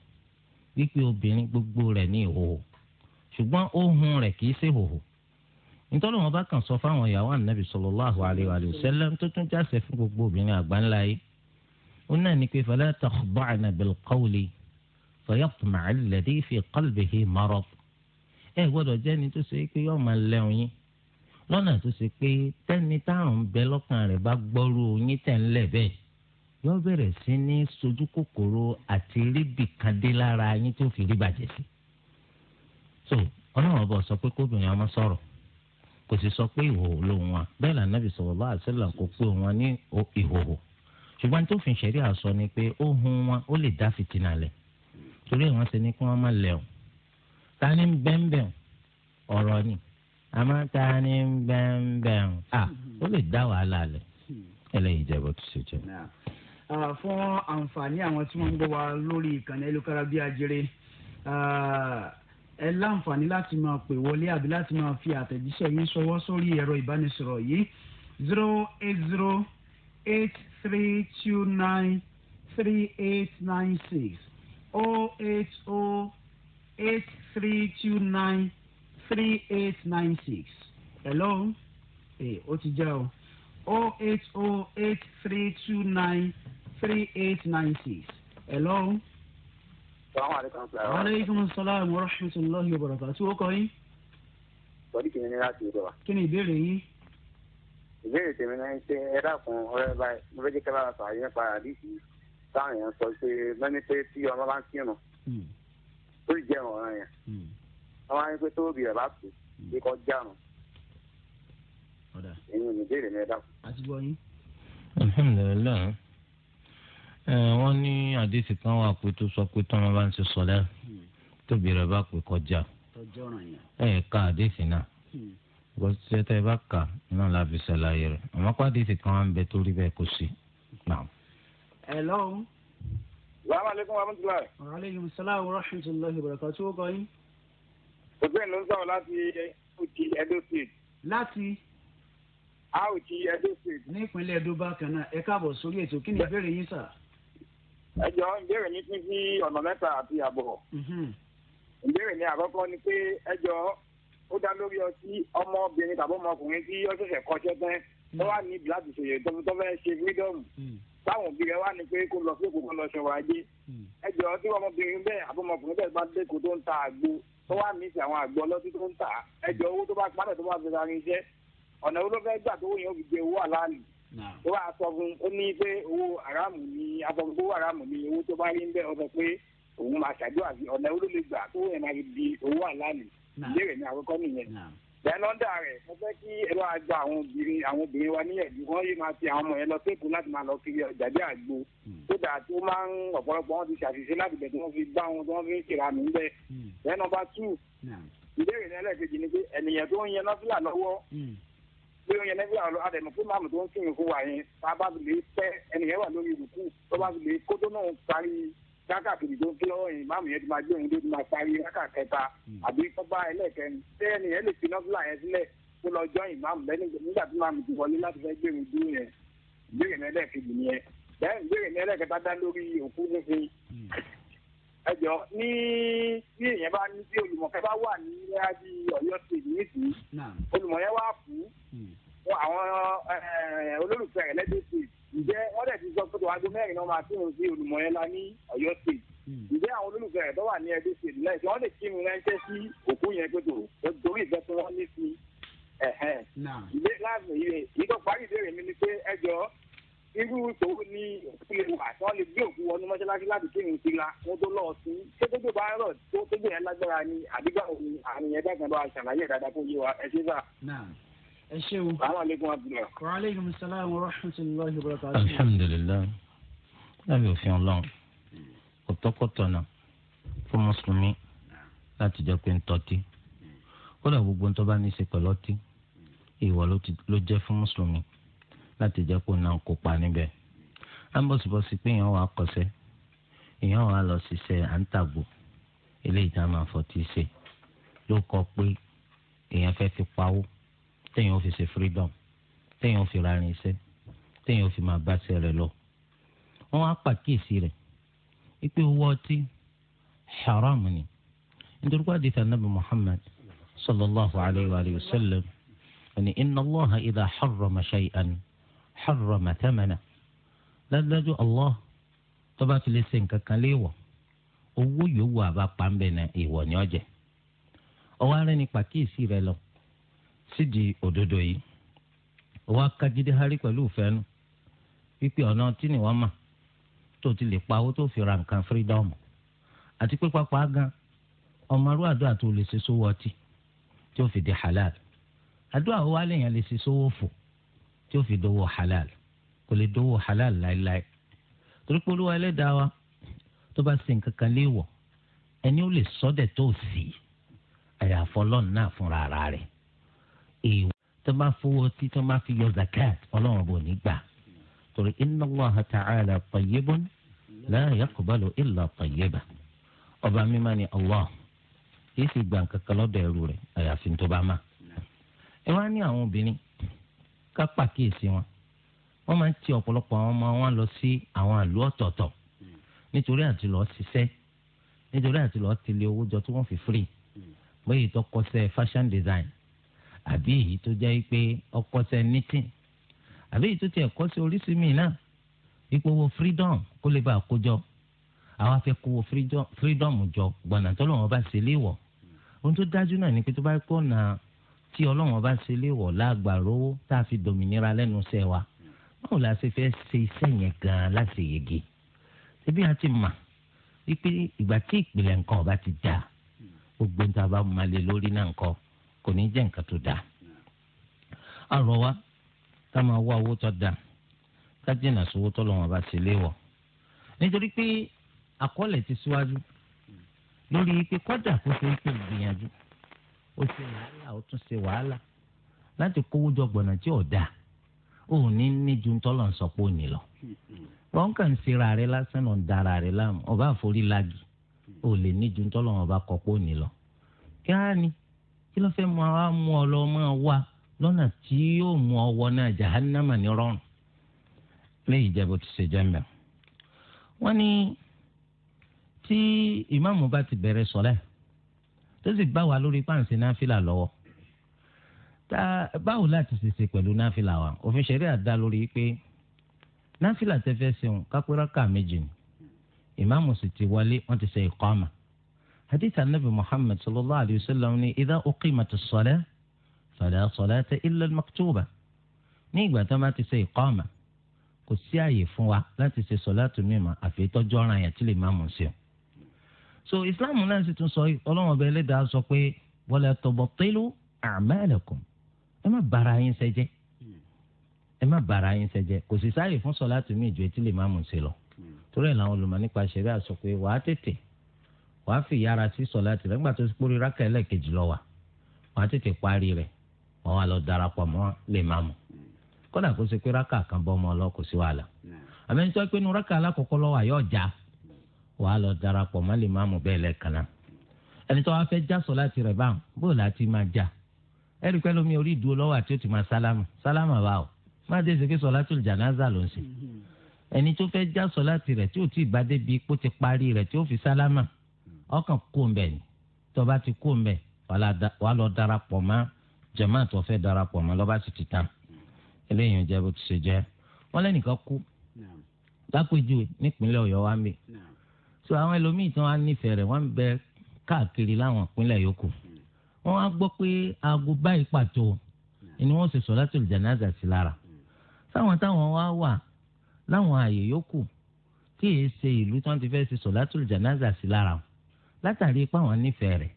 wípé obìnrin gbogbo rẹ̀ ní ìhòòhò ṣùgbọ́n ohun rẹ̀ kì í ṣe ìhòòhò nítorí wọn bá kàn sọ fáwọn ìyàwó ànábì sallallahu alaihi wa sallam tó tún jáṣẹ fún gbogbo obìnrin àgbáńlá yìí ó náà ní pé fala takhda'na bil qawli fayatma'a alladhi fi qalbihi marad ẹ gbọ́dọ̀ jẹ́ni tó ṣe pé yọọ máa lẹun yín lọ́nà tó ṣe pé tẹni táwọn ń bẹ lọ́kàn rẹ̀ bá gbọ́rú yín tẹ̀ ń lẹ̀ bẹ́ẹ̀ yóò bẹ̀rẹ̀ sí ní sojú kòkòrò àti ríbi kan dé lára yín tó fi rí bàjẹ́ sí. so ọlọ́run ọba sọ pé kóbìnrin ọmọ sọ̀rọ̀ kò sì sọ pé ìhòòhò ló wọn bẹ́ẹ̀ lànà bí sallallahu alaihi wasallam kò pé wọn ní ìhòòhò ṣùgbọ́n tó fi ṣẹ̀rí àsọ ni pé ohùn wọn ó lè dá fìtínà lẹ̀ torí àwọn ṣe ni kí wọ́n má lẹ̀hùn ta ni bẹ́ẹ̀nbẹ́ẹ̀ ọ̀rọ̀ ni àmọ́ ta ni bẹ́ẹ̀nbẹ́ẹ̀ à ó lè dá wàhálà lẹ̀ ẹlẹ́yìí jẹ́ bó ti ṣe jẹ́. Ah, fún àǹfààní àwọn tí wọ́n ń gbọ́ wa lórí ìkànnì ẹlòkára bí ajere ah, ẹ láǹfààní láti máa pè wọlé àbí láti máa fi àtẹ̀jíṣẹ́ yín ṣọwọ́ sórí ẹ̀rọ ìbánisọ̀rọ̀ yìí zero eight zero eight three two nine three eight nine six o oh eight o oh eight three two nine three eight nine six hello ẹ eh, ó ti já o oh eight oh eight three two nine three eight nine six. hello. aleykum salaam wa rahmatulahi wa barakatu. o kọ yín. sọ́ọ́dí kìíní ní láti ìdọ̀wà. kí ni ìbéèrè yín. ìbéèrè tèmi náà ṣe ẹ dákun ọ̀rẹ́ báyìí mo fẹ́ jẹ́ kí a bá fà yín pa àdìsí táwọn èèyàn sọ pé lọ́ní pé tí ọmọ bá ń kírun hmm. tó jẹ́ ọ̀ràn yẹn hmm. wọ́n wá ní pé tóbi rẹ̀ bá kú bí hmm. kò járun. ẹ̀yin ìbéèrè mi ẹ dákun. àti bọ́ yín. alhamdulilayi wọ́n ní àdéhùn kan wà pé tó sọ pé tọ́mọ bá ń ṣe sọ̀lá tóbi rẹ̀ bá pè kọjá ẹ̀ ká àdéhùn náà gbọ́sẹ̀ tẹ́ ẹ bá kà náà la fi ṣàlàyé rẹ̀ àmọ́ pàdé ti kàn án bẹ torí bẹ́ẹ̀ kò sí. hello. salaamu aleykum wa rahmatulahi. wa aleykum salaam wa rahmatulahi wa barakatuh tí ó kọ yín. òṣèlú ló ń sọ̀rọ̀ láti òkè Edo State. láti. a òkè Edo State. ní ìpínlẹ̀ Edo bákan náà ẹ káàbọ̀ sórí ètò kí ni ìbéèrè yín sà ẹ jọ ìbéèrè mi pín sí ọ̀nà mẹ́ta àti àbọ̀ mhm. ìbéèrè mi àkọ́kọ́ ni pé ẹ jọ ó dá lórí ọtí ọmọbìnrin tàbí ọmọkùnrin tí ó ṣẹ̀ṣẹ̀ kọ́ṣẹ́ tán tó wà ní láti ṣòye tó tó fẹ́ ṣe fírídọ́ọ̀mù mm. táwọn òbí rẹ̀ wà ní pé kó lọ sí òkú kan lọ ṣọwọ́ ajé mm. ẹ jọ tí ọmọbìnrin bẹ́ẹ̀ àbí ọmọkùnrin bẹ́ẹ̀ bá dẹ́kun tó ń ta àgbo tó wà ní ìsìn àwọn àgbo ọlọ́tí tó ń ta ẹ jọ owó tó bá pàdé tó ó wà sọ fún ó ní pé owó aráàmù ni asọ́gun owó aráàmù ni owó tó bá rí ń bẹ́ ọ sọ pé òun máa ṣàdúrà sí ọ̀nà ó ló lè gbà tó yẹn máa di owó àlàní ìbéèrè ní àkọ́kọ́ nìyẹn lẹ́nọ́dà rẹ̀ mo fẹ́ kí ẹ bá gba àwọn obìnrin àwọn obìnrin wa níyànjú wọ́n yé máa fi àwọn ọmọ yẹn lọ séèkù láti máa lọ kiri ọjà bí àgbo tó hmm. dà tó máa ń ọ̀pọ̀lọpọ̀ wọn ti ṣàṣìṣe láti bẹ̀ tí wọ́n fi gbá wọn tí wọ́n fi ń ṣèrà mí bẹ́ẹ̀ lẹ́nọ́bà two ìbéèrè ní ẹlẹ́ẹ̀kejì ni pé ènìyàn tó ń yẹn nọ́fìlà lọ́wọ́ hmm bí wọn yẹn lẹ́gbẹ́ àlọ́ àdẹ̀mọ̀ fún màmú tó ń sìn ìhùn wà yẹn tá a bá fi lè pẹ́ ẹnìyẹn wà lórí ìrùkù tó bá fi lè kótó náà parí kákàkiri tó ń kí lọ́wọ́ yẹn màmú yẹn ti máa gbé òun tó ti máa parí kákàkẹta hmm. àbí tọ́gbà ẹlẹ́kẹrin tẹ́ ẹnìyẹn lè fi nọ́fìlà yẹn sílẹ̀ kó lọ jọ ìmáàmù lẹ́nu nígbà tí màmú ti wọlé láti fẹ́ gbé òun dúró yẹn ìbéèrè ní ẹlẹ́kejì nìyẹn bẹ́ẹ̀ ìbéèrè ní ẹlẹ́kẹta dá lórí òkú nísìnyí hmm ẹ jọ ní bí èèyàn bá ní bí olùmọ̀kẹ́ bá wà ní bí ọ̀yọ́ stage nísìnyí olùmọ̀yẹ́ wà fún hmm. àwọn eh, olólùfẹ́ rẹ̀ lẹ́dọ̀ stage ǹjẹ́ wọ́n dẹ̀ ti sọ pé wàá gbé mẹ́rin náà máa kírun sí olùmọ̀yẹ́ la ní ọ̀yọ́ stage hmm. ǹjẹ́ àwọn olólùfẹ́ rẹ̀ tó wà ní ẹdẹ́ stage náà ìṣọ́ lè kírun ránṣẹ́ sí òkú yẹn pé tó torí ìfẹ́ tí wọ́n ní sí ẹ̀hẹ́n ìdí láàbù yìí ìdí tó parí ìbéèrè mi ni pé ẹ jọ irú tó ní òkú lè wà tí wọ́n lè gbé òkú wọnú mọ́ṣáláṣí láti kí ìrìn síra wọn tó lọ́ọ̀ sí ṣé tó gbèbá rọ̀ tó tó gbèyàn lágbára ni àdúgbà òní àrùn yẹn dàgbà bá ṣàlàyé dáadáa kó yé wa ẹ ṣe sà. ẹ ṣe o. salaamaleykum abdulai. wa aleykum salaam wa rahmatulahi wa barakatuh. alhamdulilayi lábẹ́ òfin ọlọ́run kò tọ́kọ̀tọ̀ náà fún mùsùlùmí láti jẹ́ pé ń tọ́tí kódà gbogbo ń tọ́ bá ní í ṣe pẹ̀lú ọtí ìwà ló jẹ́ fún mùsùlùmí láti jẹ́ kó náà kópa níbẹ̀ ambọ̀sibọ̀sì pé èèyàn wà á kọsẹ̀ èèyàn wà á lọ ṣiṣẹ́ à ń tàgbò eléyìí tá a máa fọtí ṣe ló kọ pé èèyàn fẹ́ fi pawó téèyàn ò fi ṣe freedom téèyàn ò fi rarin iṣẹ́ téèyàn ò fi máa bá ṣe rẹ̀ lọ wọ́n á pàkíyèsí rẹ̀ ipe owó ọtí haram ni nítorí pé àdìsí anábì Muhammad sallallahu alayhi wa sallam ẹni inna Allaha idha harrama shay'an. harrama thamana dájúdájú Allah tó bá fi lè ṣe nǹkan kan owó yòówù àbá na náà èèwọ̀ ni ó jẹ ọwọ́ ara ẹni pàkíyèsí rẹ lọ sídìí òdodo yìí ọwọ́ akájídé harí pẹ̀lú ìfẹ́nu fi ra nǹkan àti gan ọmọ arú fi di halal àdúrà wo wá lè tí ó fi dówó halal kò lè dówó halal láéláé torí pé olúwa ẹlẹ́dàá wa tó bá ṣe nǹkan kan léèwọ̀ ẹni ó lè sọ́dẹ̀ tó sì àyàfọ́ ọlọ́run náà fúnra ara rẹ̀ èèwọ̀ tó bá fowó tí tó bá fi yọ zakat ọlọ́run bò ní gbà torí inna Allaha ta'ala tayyibun la yaqbalu illa tayyiba ọba mímá ni Allah yìí sì gbà nǹkan kan ẹrú rẹ̀ àyàfi tó bá má ẹ wá ní àwọn obìnrin ká pàkíyèsí wọn wọ́n máa ń ti ọ̀pọ̀lọpọ̀ àwọn ọmọ wọn lọ sí àwọn àlù ọ̀tọ̀ọ̀tọ̀ nítorí àti lọ́ọ́ ṣiṣẹ́ nítorí àti lọ́ọ́ tilé owó jọ tí wọ́n fi free bóyá èyí tó kọ́ṣẹ́ fashion design àbí èyí tó jẹ́ pé ọkọ́ṣẹ́ knitting àbí èyí tó tiẹ̀ kọ́ṣẹ́ oríṣìí mi náà ipò owó freedom kó lè bá a kó jọ àwọn afẹ́ kó owó freedom jọ gbọ̀nà tó lọ́wọ́ bá ṣe léèwọ̀ ohun tó dájú náà ni pé tó bá pọ̀ náà tí ọlọ́run bá ṣe léwọ̀ lágbàrówó tá a fi dòmìnira lẹ́nu iṣẹ́ wa báwo la ṣe fẹ́ ṣe iṣẹ́ yẹn gan-an láti yege ṣebí a ti mà wípé ìgbà tí ìpìlẹ̀ nǹkan ọba ti dáa gbogbo nǹkan bá máa lè lórí náà nǹkan kò ní jẹ́ nǹkan tó dáa. a wa ká máa wá owó tó dáa ká jìnnà sówó tó lọ́wọ́n bá ṣe léwọ̀ nítorí pé àkọọ́lẹ̀ ti síwájú lórí pé kọ́dà kó ṣe é pé ìgbìyànjú ó ṣe wàhálà ó tún ṣe wàhálà láti kówó jọ gbọ̀nà tí ò dáa ò ní ní ju tọ́lọ̀ ń sọ pé lọ. wọ́n kàn ń ṣera rẹ lásán ló ń dara rẹ láàmú ọba àforí lagi ò lè ní ju tọ́lọ̀ wọn bá kọ pé ò ní lọ. kí á ní kí ló fẹ́ mú wa mú ọ lọ máa wá lọ́nà tí yóò mú ọ wọ náà jahannama ní rọrùn. léyìí jẹ́ bó ti ṣe jẹ́ mbẹ́. wọ́n ti bẹ̀rẹ̀ tó sì gbà wá lórí páǹsì náfìlà lọ́wọ́ tá báwo láti ṣèṣe pẹ̀lú náfìlà wa òfin ṣẹ̀rí àdá lórí pé náfìlà tẹ́ fẹ́ ṣeun kápẹ́ráka méjì ni ìmáàmù sì ti wọlé wọ́n ti ṣe ìkọ́mà hadith anabi muhammad sallallahu alayhi wa sallam ni idha uqimatis salah fala salata illa al-maktuba ní ìgbà tó bá ti ṣe ìkọ́mà kò sí àyè fún wa láti ṣe sọ̀lá tó mímọ́ àfi ìtọ́jú ọ̀ràn yẹn tí lè máàmù ṣeun so islam náà sì tún sọ ọlọ́run ọba ẹlẹ́dàá sọ pé wala tubtilu a'malakum ẹ má bàrà yín sẹ́jẹ́ ẹ má bàrà yín sẹ́jẹ́ kò sì sáàyè fún sọ láti mí ìjọ etí lè má mú un ṣe lọ torí ẹ̀ làwọn olùmọ̀ nípa ṣẹ̀rí àṣọ pé wàá tètè wàá fi yára sí sọ láti rẹ̀ nígbà tó ti pórí rákà ẹlẹ́ẹ̀kejì lọ wà wàá tètè parí rẹ̀ wọ́n wá lọ darapọ̀ mọ́ lè má mú kódà kó wàá lọ darapọ̀ má lè máàmù bẹ́ẹ̀ lẹ́ẹ̀kan náà ẹni tó wá fẹ́ já sọ láti rẹ̀ báwọn bóòlù àti máa já ẹ̀rí pẹ́ lómi orí ìdúró lọ́wọ́ àti ó ti máa sálámà sálámà bá o má dé ṣe pé sọ̀látùl jánásà ló ń ṣe ẹni tó fẹ́ já sọ̀láàtì rẹ̀ tí ò tí ì bá débi ipò ti parí rẹ̀ tí ó fi sálámà ọkàn kó ń bẹ̀ ni tó bá ti kó ń bẹ̀ wà lọ darapọ̀ mọ́ jàmáà tó fẹ́ darapọ̀ mọ́ lọ́ba sì ti tán eléyìí ń jẹ́ bó ti so àwọn ẹlòmíì tí wọ́n á nífẹ̀ẹ́ rẹ̀ wọ́n ń bẹ káàkiri láwọn ìpínlẹ̀ yòókù wọ́n á gbọ́ pé aago báyìí pàtó ni wọ́n ṣe sọ̀látùl jánásà sí lára táwọn táwọn wá wà láwọn àyè yòókù tí èé ṣe ìlú tí wọ́n ti fẹ́ ṣe sọ̀látùl jánásà sí lára látàrí pé àwọn nífẹ̀ẹ́ rẹ̀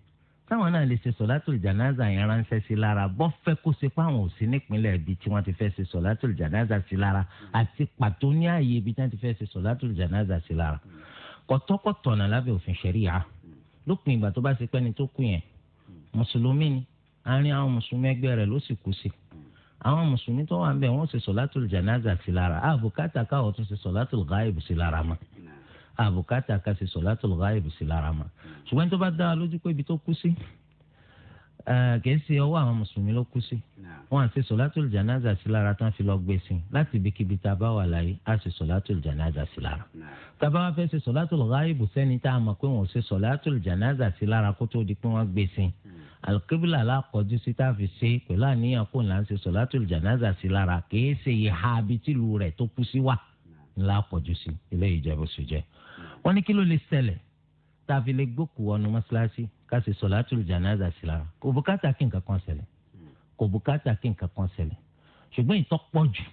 táwọn náà lè ṣe sọ̀látùl jánásà yẹn ránṣẹ́ sí lára bọ́ fẹ́ kó ṣe pé àwọn ò sí nípínlẹ̀ ibi tí wọ́n ti fẹ́ ṣe sọ̀látùl jánásà sí lára àti pàtó ní ààyè ibi tí wọ́n ti fẹ́ ṣe sọ̀látùl jánásà sí lára kọ̀tọ́kọ̀tọ̀nà lábẹ́ òfin ṣẹ̀ríyà lópin ìgbà tó bá ṣe pẹ́ni tó kú yẹn mùsùlùmí ni àárín àwọn mùsùlùmí ẹgbẹ́ rẹ̀ ló sì kú sí àwọn mùsùlùmí tó wà ń bẹ̀ wọ́n ṣe sọ̀látùl jànáza sí lára àbùkátà káwọ́ tó ṣe sọ̀látùl gáìbù sí lára mọ́ àbùkátà ká ṣe sọ̀látùl gáìbù sí lára mọ́ ṣùgbọ́n tó bá dá lójú pé ibi tó kú sí Eh, kìí ṣe ọwọ́ àwọn mùsùlùmí ló kú sí wọn àti sọlátùl jànáza sí lára tán fi lọ gbé e sí láti ibikíbi tá a bá wà láyé á ṣe sọlátùl jànáza sí lára tá a bá wá fẹ́ ṣe sọlátùl gáíbù sẹ́ni tá a mọ̀ pé wọ́n ṣe sọlátùl jànáza sí lára kó tó di pé wọ́n gbé e sí alikibula alákọ̀ọ́jú sí tá a fi ṣe pẹ̀lú àníyàn kó là ń ṣe sọlátùl jànáza sí lára kìí ṣe ìhà abitilu wọ́n ní kí ló lè ṣẹlẹ̀ tá a fi lè gbókùú ọnu mọ́ṣáláṣí kasi ṣe sọ̀látùl jánásà sí lára kò bùkátà kí nǹkan kan ṣẹlẹ̀ kò bùkátà kí nǹkan kan ṣẹlẹ̀ ṣùgbọ́n ìtọ́pọ̀ jù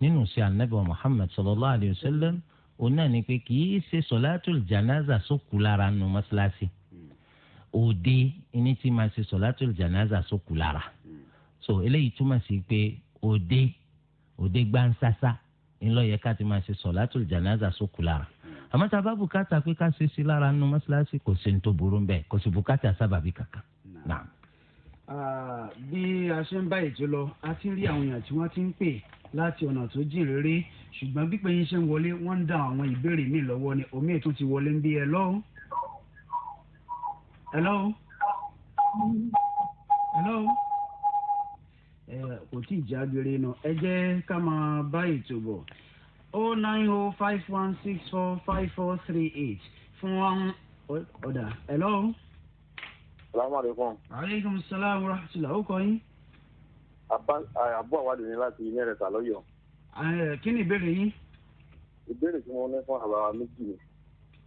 nínú sí anabi muhammed sallallahu alayhi wa sallam òun náà ni pé kì í ṣe sọ̀látùl jánásà sókù lára nu mọ́ṣáláṣí òde ẹni tí máa ṣe sọ̀látùl jánásà sókù so eléyìí túmọ̀ sí pé òde òde gbansasa ńlọ yẹ ká ti máa ṣe sọ̀látùl jánásà sókù àmọ́ tá a bá bùkátà pé ká ṣe sí lára nu mọ́ṣáláṣí kò sí ní tó burú ń bẹ̀ kò sí bùkátà sábàbí kankan. bí a ṣe ń bá ètò lọ a ti rí àwọn èèyàn tí wọ́n ti ń pè láti ọ̀nà tó jìn réré ṣùgbọ́n bí pẹ̀yìn ṣe ń wọlé wọ́n ń dá àwọn ìbéèrè mi lọ́wọ́ ni omi ètò ti wọlé ń bí ẹ lọ́wọ́. hello hello kò tí ì jágere náà ẹ jẹ́ ká máa bá ètò bọ̀. 09051645438. nine oh fún wọn ọ̀dà hello. salaamaleykum. aleykum salaam wa rahmatulah o kọ yín. àbọ̀ àwádìí eh, ni láti ilé rẹ̀ ta lọ́yọ̀. Eh, kí ni ìbéèrè yín. ìbéèrè tí mo ní fún àbáwá méjì ni.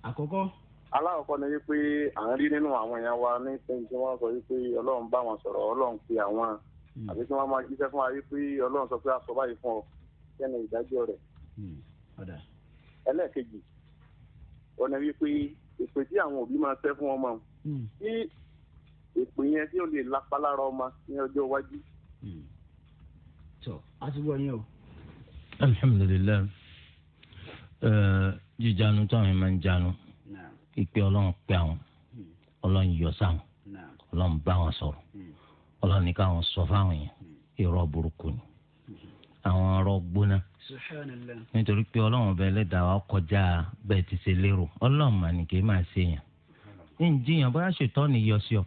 àkọ́kọ́. alákọ̀ọ́kọ́ ni wípé à ń rí nínú àwọn èèyàn wa ní sẹ́yìn tí wọ́n sọ wípé ọlọ́run bá wọn sọ̀rọ̀ ọlọ́run fi àwọn hmm. àbí tí wọ́n máa jíṣẹ́ fún wa wípé ọlọ́run sọ pé a sọ báyìí fún ọ kẹ́ni ìdájọ́ rẹ̀ Hmm, ẹlẹ́ẹ̀kejì ọ̀nà wípé ìpè tí àwọn òbí máa fẹ́ fún ọmọ tí hmm. ìpè yẹn tí ó lè lapa lára ọmọ ní ọjọ́ iwájú. sọ hmm. a ti wọ yín o. alhamdulilayi jíjanu táwọn yẹn máa ń janu ìpè ọlọ́run pé àwọn ọlọ́run yọ sáwọn ọlọ́run bá wọn sọ̀rọ̀ ọlọ́run ní káwọn sọ fáwọn yẹn irọ́ burúkú ni àwọn ọ̀rọ̀ gbóná nítorí pé ọlọ́run ọba ẹlẹ́dàá wa kọjá bẹ́ẹ̀ ti ṣe lérò ọlọ́run mà ní kí máa ṣe yàn ní jiyàn bóyá ṣètọ́ni yọ sí ọ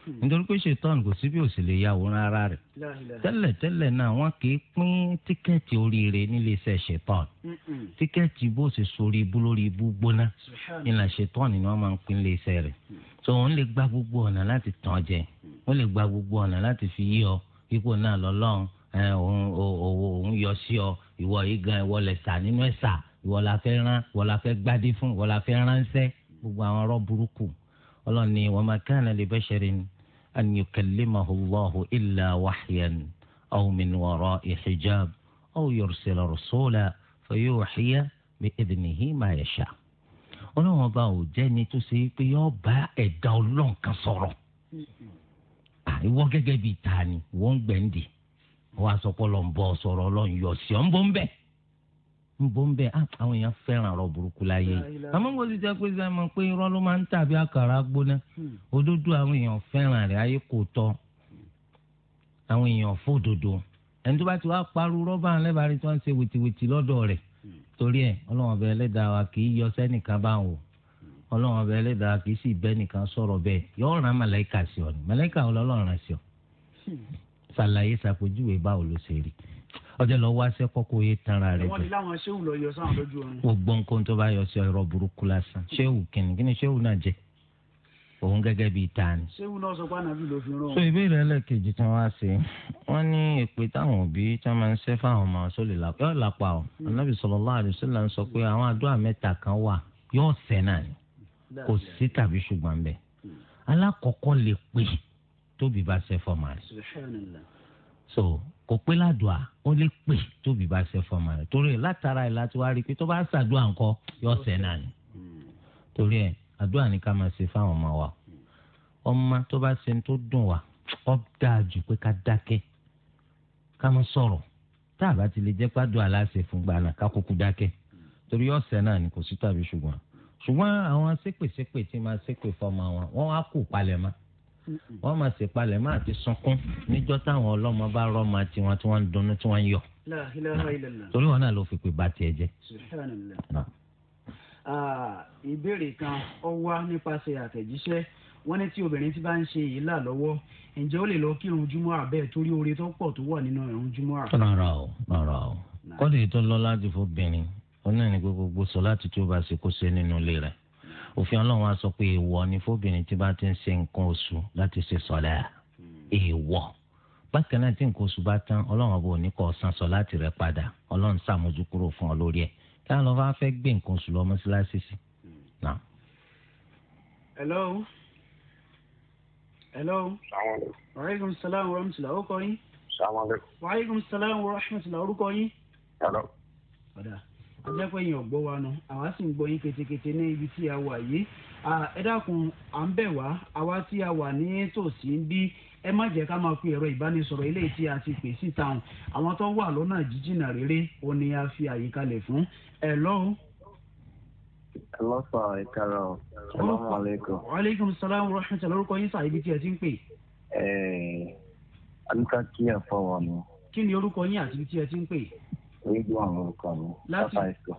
nítorí pé ṣètọ́ni kò síbi ò sì lè ya àwòrán ara rẹ̀ tẹ́lẹ̀ tẹ́lẹ̀ náà wọ́n kì í pín tíkẹ́ẹ̀tì oríire níléeṣẹ́ ṣètọ́ni tíkẹ́ẹ̀tì bó ṣe sórí ibú lórí ibú gbóná ìlànà ṣètọ́ni ni wọ́n máa ń pín iléeṣẹ́ rẹ̀ tó wọ́n lè gba gbogbo ọ̀nà láti tàn jẹ wọ́n lè gba gbogbo ọ̀nà láti fi yí ọ ipò náà lọ́lọ́run òun yọ sí ọ ìwọ yìí gan ìwọ lẹ sà nínú ẹ sà ìwọ la fẹ́ rán ìwọ la fẹ́ gbádé fún ìwọ la fẹ́ ránṣẹ́ gbogbo àwọn ọ̀rọ̀ burúkú ọlọ́ni wa ma kana li basharin an yukallimahu Allahu illa wahyan aw min wara'i hijab aw yursila rasula fayuhiya bi idnihi ma yasha ọlọ́run ọba ò jẹ́ni tó ṣe pé yọ bá ẹ̀dá ọlọ́run sọ̀rọ̀ ìwọ gẹ́gẹ́ bíi tani wọ́n gbẹ̀ǹdì wọ́n á sọ pé lọ́n bọ́ sọ̀rọ̀ lọ́n yọ sí ọ́ ń bọ́ ń bẹ̀ ń bọ́ ń bẹ̀ ah, àwọn èèyàn fẹ́ràn ọ̀rọ̀ burúkú láyé yìí àmọ́ mo ti jẹ́ pé ṣe mọ̀ pé irọ́ ló máa ń tàbí àkàrà gbóná hmm. òdodo àwọn èèyàn fẹ́ràn rẹ̀ ayé kò tọ́ àwọn èèyàn ẹni tó bá ti wá parú rọ́bà tó ń ṣe wìtìwìtì lọ́dọ̀ ṣàlàyé ṣàpèjúwe báwo ló ṣe rí ọjọ́ lọ wá sẹ́kọ́ kó yé tanra rẹ̀ jù. wọ́n ti láwọn ṣéwù lọ yọ sáwọn lójú oorun. gbogbo nǹkan tó bá yọ sí ọ̀rọ̀ burúkú lásán ṣéwù kìnnì kí ni ṣéwù náà jẹ òun gẹ́gẹ́ bíi ta ni. ṣéwù náà sọ pé ànábì ló fi rán so ìbéèrè ẹlẹ́kejì tí wọ́n á ṣe wọ́n ní èpè táwọn òbí tí wọ́n máa ń ṣe fáwọn ọmọ ọ̀ṣọ́ lápá yóò lápá o hmm. ànábì sallallahu alaihi wasallam sọ pé àwọn àdúrà mẹ́ta kan wà yóò ṣẹ náà ni hmm. kò sí tàbí ṣùgbọ́n bẹ́ẹ̀ hmm. alákọ̀ọ́kọ́ lè pè é tóbi bá ṣe fọmọ rẹ so kò pé ládùá ó lè pè tóbi bá ṣe fọmọ rẹ torí ẹ látara ẹ láti wá rí i pé tó bá ṣàdúrà ńkọ́ yóò ṣẹ náà ni torí ẹ àdúrà ni ká máa ṣe fáwọn ọmọ wa ọmọ tó bá ṣe tó dùn wá ọ dáa jù pé ká dákẹ́ ká má sọ̀rọ̀ tá a bá ti lè jẹ́ pàdó aláṣẹ fún gbàànà ká kúkú dákẹ́ torí ọ̀sẹ̀ náà ni kò sí tàbí ṣùgbọ́n ṣùgbọ́n àwọn ṣépèṣépè tí máa ṣépè fọmọ wọn wọ́n á kú palẹ̀ mọ́ wọ́n máa ṣèpalẹ̀ máa ti sunkún níjọ́ táwọn ọlọ́mọ bá rọ́ọ̀mà tiwọn tí wọ́n ń dunnú tí wọ́n ń yọ̀ torí wọn náà ló fi pè bá tiẹ̀ jẹ́. ìbéèrè kan ó wá nípasẹ̀ àtẹ̀jíṣẹ́ wọ́n ní tí obìnrin ti bá ń ṣe èyí là lọ́wọ́ ǹjẹ́ ó lè lọ kírun júmọ́ àbẹ́ torí oore tó pọ̀ tó wà nínú ìrun júmọ́ à. rárá o rárá o kọ́ni tó lọ láti fún obìnrin ó náà ní gbogbo sọ láti tó bá ṣe kó ṣe nínú ilé rẹ̀ òfin ọlọ́run wa sọ pé èèwọ̀ ni fóbìnrin tí bá ti ń ṣe nǹkan oṣù láti ṣe sọ̀lá èèwọ̀ bákan náà tí nǹkan oṣù bá tán ọlọ́run ọba òní kọ́ san sọ láti rẹ̀ padà ọlọ́run ṣàmójú kúrò fún ọ lórí ẹ̀ táwọn lọ bá fẹ́ gbé nǹkan oṣù lọ mọ́ṣáláṣí sí. hello hello wàhálà sàlámù rahmatulah orúkọ yín. sàlámù alaykum. wàhálà sàlámù rahmatulah orúkọ yín. hello. ajẹ́pẹ́ yẹn ọ̀gbọ́ wa nu àwa sì ń ketekete ní ibi tí a wà yìí ẹ a wà ní tòsí ń bí ẹ má jẹ́ ká máa fi ẹ̀rọ ìbánisọ̀rọ̀ eléyìí tí a ti pè síta hàn àwọn tó wà lọ́nà jíjìnà rere o ní a fi àyè kalẹ̀ fún ẹ lọ́wọ́. ẹ lọ sọ salaam rahmatulah yín tí ẹ ti ń pè. ẹ ẹ alukaki mi. ibi tí ẹ ti ń orígun àwọn orúkọ mi láti àìsàn.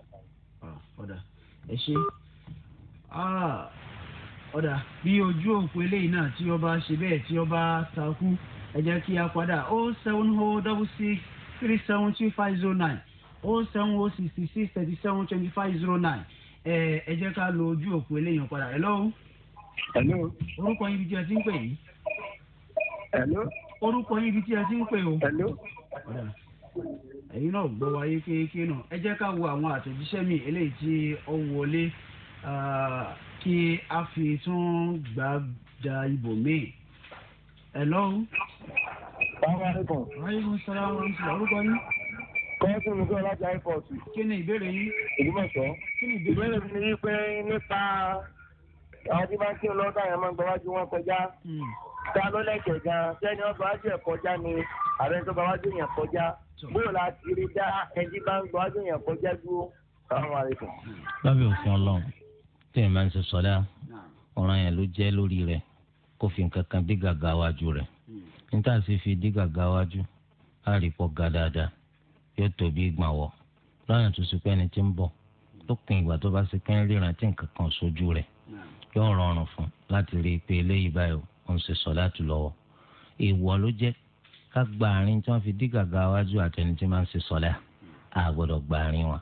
Ah, ọ̀dà ẹ ṣe ah, ọ̀dà bí ojú òpó eléyìí náà tí ọba ṣe bẹ́ẹ̀ tí ọba takú ẹ jẹ́ kí a padà o oh seven o oh double six three seven two five zero nine o oh seven o sixty six thirty seven twenty five zero nine ẹ jẹ́ ká lo ojú òpó eléyìí padà hello. hello. orúkọ yín ibi tí ẹ ti ń pè yìí. hello. orúkọ yín ibi tí ẹ ti ń pè o. hello ẹ̀yin náà gbọ́ wáyé kéèké náà ẹ jẹ́ ká wo àwọn àtẹ̀jíṣẹ́ mi eléyìí tí ó wọlé kí a fi tún gbà da ibò míì. hello. báwa ni kò. ayé mo sọ àwọn ọmọ ìṣòro orúkọ yín. kọ́ńtù mi sọ láti airport. kí ni ìbéèrè yín. Ògbómọ̀ṣọ́. kí ni ìbéèrè mi ni pé nípa àwọn tí bá ń kí lọ́dọ̀ àyàn máa ń gbọ́wájú wọn kọjá. Hmm. ta ló lẹ́kẹ̀ẹ́ gan-an sẹ́ni ọgbà ájú ẹ̀ kọjá ni àbẹ tó bá wá dé kọjá bóyá la ti rí dá ẹjí bá ń gbọ́ wá dé yàn kọjá dúró sàlámù alaykum. lábẹ́ òfin ọlọ́run tí èèyàn máa ń ṣe sọ́dá ọ̀ràn yẹn ló jẹ́ lórí rẹ̀ kó fi nǹkan kan dí gàgà wájú rẹ̀ níta sì fi dí gàgà wájú á rí pọ̀ ga dáadáa yóò tóbi ìgbà lọ́yàn tó sì pé ẹni tí ń bọ̀ lópin ìgbà tó bá sì pé ń ríran tí nǹkan kan sójú rẹ̀ yóò rọrùn fún láti rí i pé eléyìí báyìí ó ń ṣe sọ́dá tù lọ́wọ́ èèwọ̀ ló jẹ́ ká gba àárín tí wọ́n fi dí gàgà wájú àtẹni tí máa ń ṣe sọ́lá a gbọ́dọ̀ gba àárín wọn.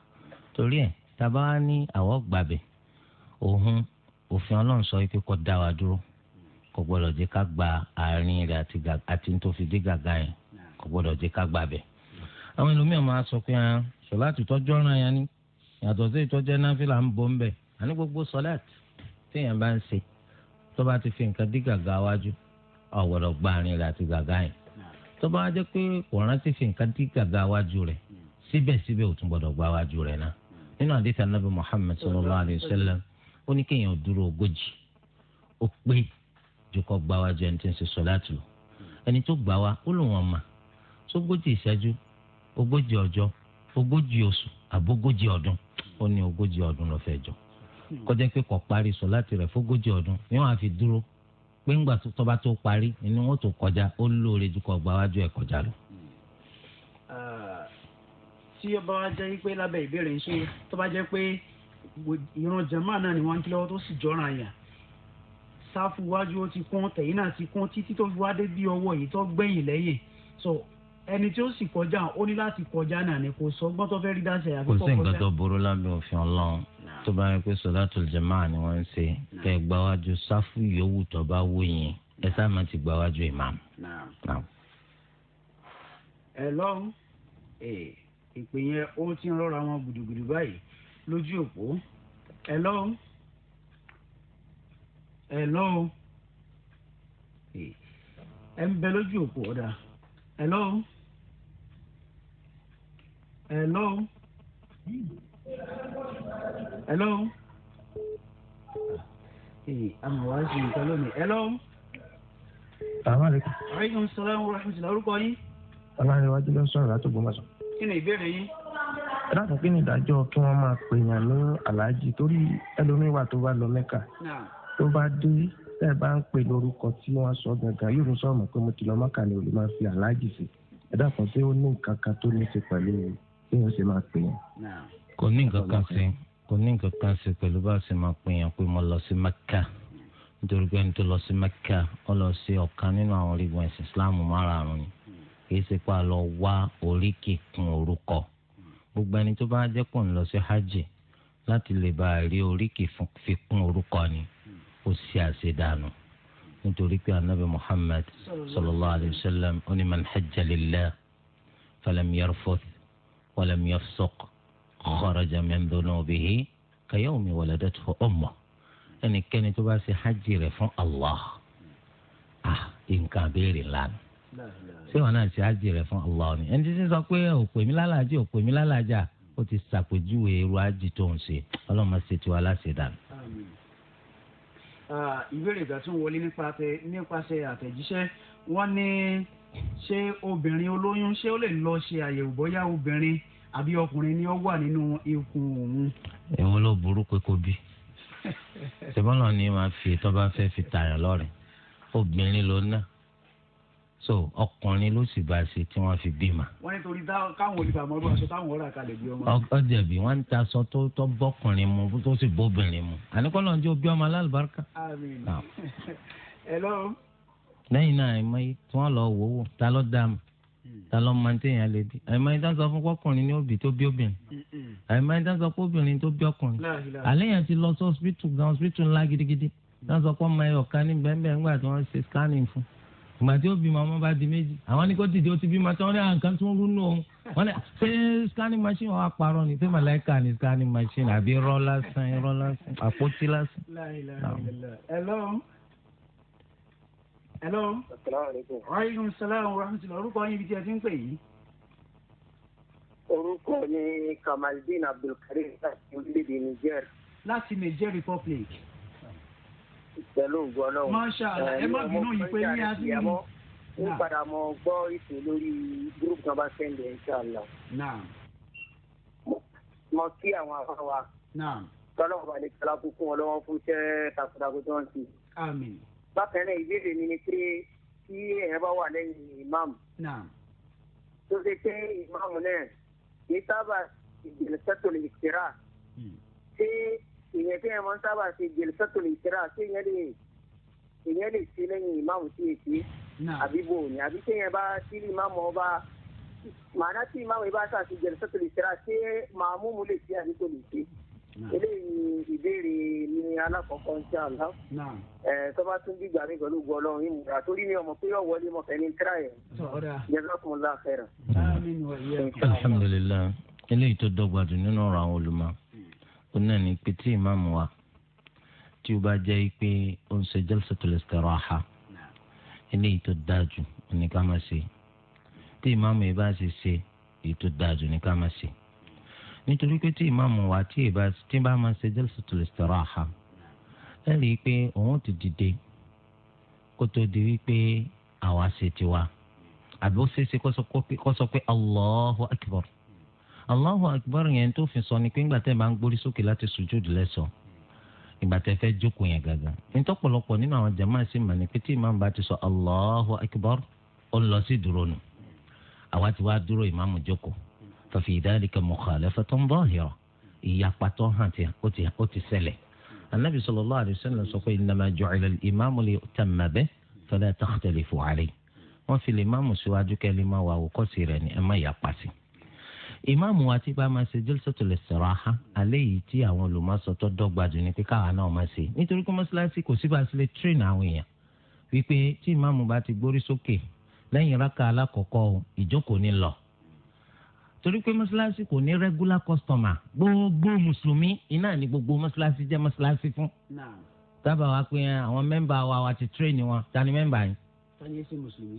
torí ẹ̀ tábà wá ní àwọ̀ gbàbẹ̀ òun òfin ọlọ́run sọ pé kó dá wa dúró kò gbọ́dọ̀ jẹ́ ká gba àárín rẹ̀ àti tó fi dí gàgà yẹn kò gbọ́dọ̀ jẹ́ ká gbàbẹ̀. àwọn ẹlòmíràn máa sọ pé sọlá ah, tìtọ́jú ọ̀ràn yẹn ni yàtọ̀ sí ìtọ́jẹ́ náfìlà ń bọ̀ ń bẹ̀ àní gbogbo sọlá téèyàn bá ń ṣe tó bá ti fi nǹkan dí gàgà wájú ọ̀gbọ́dọ̀ gba àárín rẹ̀ àti gàgà yẹn tó bá jẹ́ pé kò rántí fi nǹkan tí gàgà wájú rẹ̀ síbẹ̀síbẹ̀ ò tún gbọ́dọ̀ gbá wájú rẹ̀ náà nínú àdìsí anábì Muhammad sallallahu alayhi wa sallam ó ní kéèyàn dúró ogójì ó pé ju kó gbá wájú ẹni tí ń ṣe sọ̀láàtì lọ ẹni tó gbá wa ó lò wọ́n mà sógójì ìṣẹ́jú ogójì ọjọ́ ogójì oṣù àbógójì ọdún ó ní ogójì ọdún lọ́fẹ̀ẹ́ jọ kọjá pé kò parí sọ̀láàtì rẹ̀ fógójì ọdún ni wọ́n á fi dúró pé ńgbà tó tọ́ba tó parí ni wọ́n tó kọjá ó lóore ju kọ́ gbáwájú ẹ̀ kọjá lọ. tí ó bá wá jẹ́ pé lábẹ́ ìbéèrè ń ṣe tó bá jẹ́ pé ìran jama náà ni wọ́n ń kí lọ́wọ́ tó sì jọra yàn sáfù wájú ó ti kún tẹ̀yìn náà ti kún títí tó fi wá dé bí ọwọ́ yìí tó gbẹ̀yìn lẹ́yìn so ẹni tí ó sì kọjá ó ní láti kọjá náà ni kò sọ gbọ́n tó fẹ́ rí dáṣẹ́ àfikọ́ kọjá tó bá yẹ pé sọ̀látù jàmáà ni wọ́n ń ṣe kẹ́ ẹ gbáwájú sáfù yòówù tó bá wù yín ẹ sáà má ti gbáwájú ìmáàmù. ẹ lọ́hùn ìpè yẹn ó ti ń rọra wọn gbùdùgbùdù báyìí lójú òpó ẹ lọ́hùn ẹ lọ́hùn ẹ ń bẹ lójú òpó ọ̀dà ẹ lọ́hùn ẹ lọ́hùn hello. àmọ̀ wá sí nǹkan lónìí hello. assalamu alaikum. aleykum salaam wa rahmatulah orúkọ yín. aláàrẹ wájú ló ń sọ̀rọ̀ láti Ògbómọ̀ṣọ́. kí ni ìbéèrè yín. ẹ dákun kí ni ìdájọ́ kí wọ́n máa pèèyàn ní aláàjì torí ẹlòmíín wà tó bá lọ mẹ́kà tó bá dé tẹ́ ẹ bá ń pè lórúkọ tí wọ́n sọ gangan yóò ń sọ̀rọ̀ pé mo ti lọ mọ́kà ni olè máa fi aláàjì sí ẹ dákun pé ó ní nǹkan kan tó ní í ṣe pẹ̀lú bí wọ́n ṣe máa pè yẹn. kò ní nǹkan kan sí kò ní nǹkan kan ṣe pẹ̀lú bá a ṣe máa pinnu pé mo lọ sí mẹ́kà nítorí pé ẹni tó lọ sí mẹ́kà ó lọ sí ọ̀kan nínú àwọn orígun ẹ̀sìn islam márààrún ni kì í ṣe pé a lọ wá oríkì kún orúkọ gbogbo ẹni tó bá jẹ́ kó ń lọ sí hajj láti lè bá a rí oríkì fi kún orúkọ ni ó sì àṣedànù nítorí pé anabi muhammad sallallahu alayhi wa sallam ó ní man hajja lillah falam yarfuth walam kharaja min dhunubihi kayawmi waladatuhu ummuh ẹnikẹ́ni tó bá ṣe hajj rẹ̀ fún Allah ah nǹkan abéèrè lánàá ṣé wọn náà ṣe hajj rẹ̀ fún Allah ni ẹni tí sọ pé òpè mi lálàájì òpè mi lálàájà ó ti ṣàpèjúwe irú hajj tó ń ṣe ọlọ́mọ ṣe tiwa láṣẹ dànù. ìbéèrè ìgbà tí ń wọlé nípasẹ̀ àtẹ̀jíṣẹ́ wọ́n ní ṣé obìnrin olóyún ṣé ó lè lọ ṣe àyẹ̀wò àbí ọkùnrin ni ó wà nínú ikùn òun. èwo ló burú pé bí ṣùgbọ́n ni màá fi tó bá fẹ́ fi tààyàn lọ́rẹ̀ obìnrin ló ná so ọkùnrin ló sì bá ṣe tí wọ́n fi bímọ. wọ́n ní torí káwọn olùbàmọ́ ló aṣọ táwọn ọ̀rà kalẹ̀ bí ọmọ. ọjọ́ ìbí wọ́n ń ta aṣọ tó bọ́kùnrin mu tó sì bóbìnrin mu àníkọ́ náà jẹ́ ọmọ alálùbáríkà. àmín. hello. lẹ́yìn náà ẹ̀ mọ́ yìí tí wọ́n lọ wò ó ta ló dá mi. Hmm. ta ló máa ń téèyàn lè bí àyè máa ń dáńsọ fún ọkùnrin ní òbí tó bí obìnrin àyè máa ń dáńsọ fún obìnrin tó bí ọkùnrin àléyàn ti lọ sí hospital gan hospital ńlá gidigidi dáńsọ fún ọmọ ẹyọ kan ní bẹ́ẹ̀ ńgbà tí wọ́n ṣe scanning fún ìgbà tí ó bímọ ọmọ bá di méjì àwọn ní kó dìde ó ti bímọ tí wọ́n ní àǹkan tó ń rú nù òun wọ́n ní ṣé scanning machine wọn apàrọ̀ ni ṣé màláìka ni scanning machine àbí rọ́ lásán rọ́ lásán àpótí lásán hello. asalaamualeykum. waaleykum salaam wa rahmatulah orúkọ yín ibi tí ẹ ti ń pè yìí. orúkọ ni kamaldeen abdulkareem láti orílẹ̀-èdè niger. láti niger republic. pẹ̀lú ògbọ́n náà. masha allah ẹ má bínú yìí pé ní adúlù. n padà mọ gbọ́ ìpè lórí group kan bá sẹ́ndẹ̀ inshàlá. mo kí àwọn afọ wa. tọ́lọ́mọba lè kí alákòókò wọn lọ́wọ́ fún iṣẹ́ takuntakun tó ń ti bákan náà ìbéèrè mi ni pé tí èèyàn bá wà lẹ́yìn ìmáàmù. tó ṣe pé ìmáàmù náà kì í sábà ìjẹ̀lẹ̀sẹ̀tò lè kíra. ṣé ìyẹn tí èèyàn máa ń sábà ṣe ìjẹ̀lẹ̀sẹ̀tò lè kíra ṣé ìyẹn lè ìyẹn lè ṣe lẹ́yìn ìmáàmù sí èké àbí bò ní àbí ṣé ìyẹn bá tí ìmáàmù ọba màánà tí ìmáàmù yìí bá ṣàṣì ìjẹ̀lẹ̀sẹ̀tò lè kíra ṣé màmúmu eléyìí ìbéèrè ní alákọ̀ọ́kọ́ ń ṣe àlá tó bá tún dìgbà mi pẹ̀lú gbọ́ ọlọ́run yìí múra torí mi ọmọ pé yóò wọlé mọ fẹ́ ní tíráyẹ̀ jazakumullahu khairan. alhamdulilayi eléyìí tó dọ́gba dùn nínú ọ̀rọ̀ àwọn olùmọ̀ ó náà ní pé tí ìmáàmù wa tí ó bá jẹ́ pé ó ń ṣe jalsatul istiraha eléyìí tó dájú ní ká máa ṣe tí ìmáàmù yìí bá ṣe ṣe èyí tó dájú ní ká máa ṣe nítorí pé tí ìmáàmù wa tí ìbá tí bá máa ṣe jalsatul istiraha ẹ rí i pé òun ti dìde kó tó di wípé àwa ṣe tiwa àbí ó ṣeéṣe kó sọ pé allahu akbar allahu akbar yẹn tó fi sọ ni pé ńgbà tẹ́ ẹ máa ń gbórí sókè láti sùjúdù lẹ́sọ̀ọ́ ìgbà tẹ́ fẹ́ jókòó yẹn gangan nítọ́pọ̀lọpọ̀ nínú àwọn jama ṣe mà ní pé tí ìmáàmù bá ti sọ allahu akbar ó lọ sí dúró nù àwa ti wá dúró ìmáàmù jókòó ففي ذلك مخالفة ظاهرة ìyapatọ́ hàn tí ó ti ó ti ṣẹlẹ̀ anabi sallallahu alayhi wa sallam sọ pé innama ju'ila al-imamu liyu'tamma bihi fala takhtalifu alayhi wọ́n fi lè máàmù síwájú kẹ́lẹ́ máa wà àwòkọ́sí rẹ̀ ní ẹ má yà pa sí. ìmáàmù wa ti bá máa ṣe jalsatul istiraha alẹ́ yìí tí àwọn olùmọ̀sọ́tọ́ dọ́gba jù ní pé káwa náà máa ṣe nítorí pé mọ́ṣáláṣí kò sí bá a ṣe lè tírìn àwọn èèyàn wípé tí ìmáàmù bá ti gbórí sókè lẹ́yìn rákà alákọ̀ọ́kọ́ ìjókòó ní lọ torí pé mọ́ṣáláṣí kò ní regular customer gbogbo mùsùlùmí iná ní gbogbo mọ́ṣáláṣí jẹ́ mọ́ṣáláṣí fún. dábàá wa pé eh, àwọn mẹ́mbà wa wa ti train wọn ta ni mẹ́mbà yìí.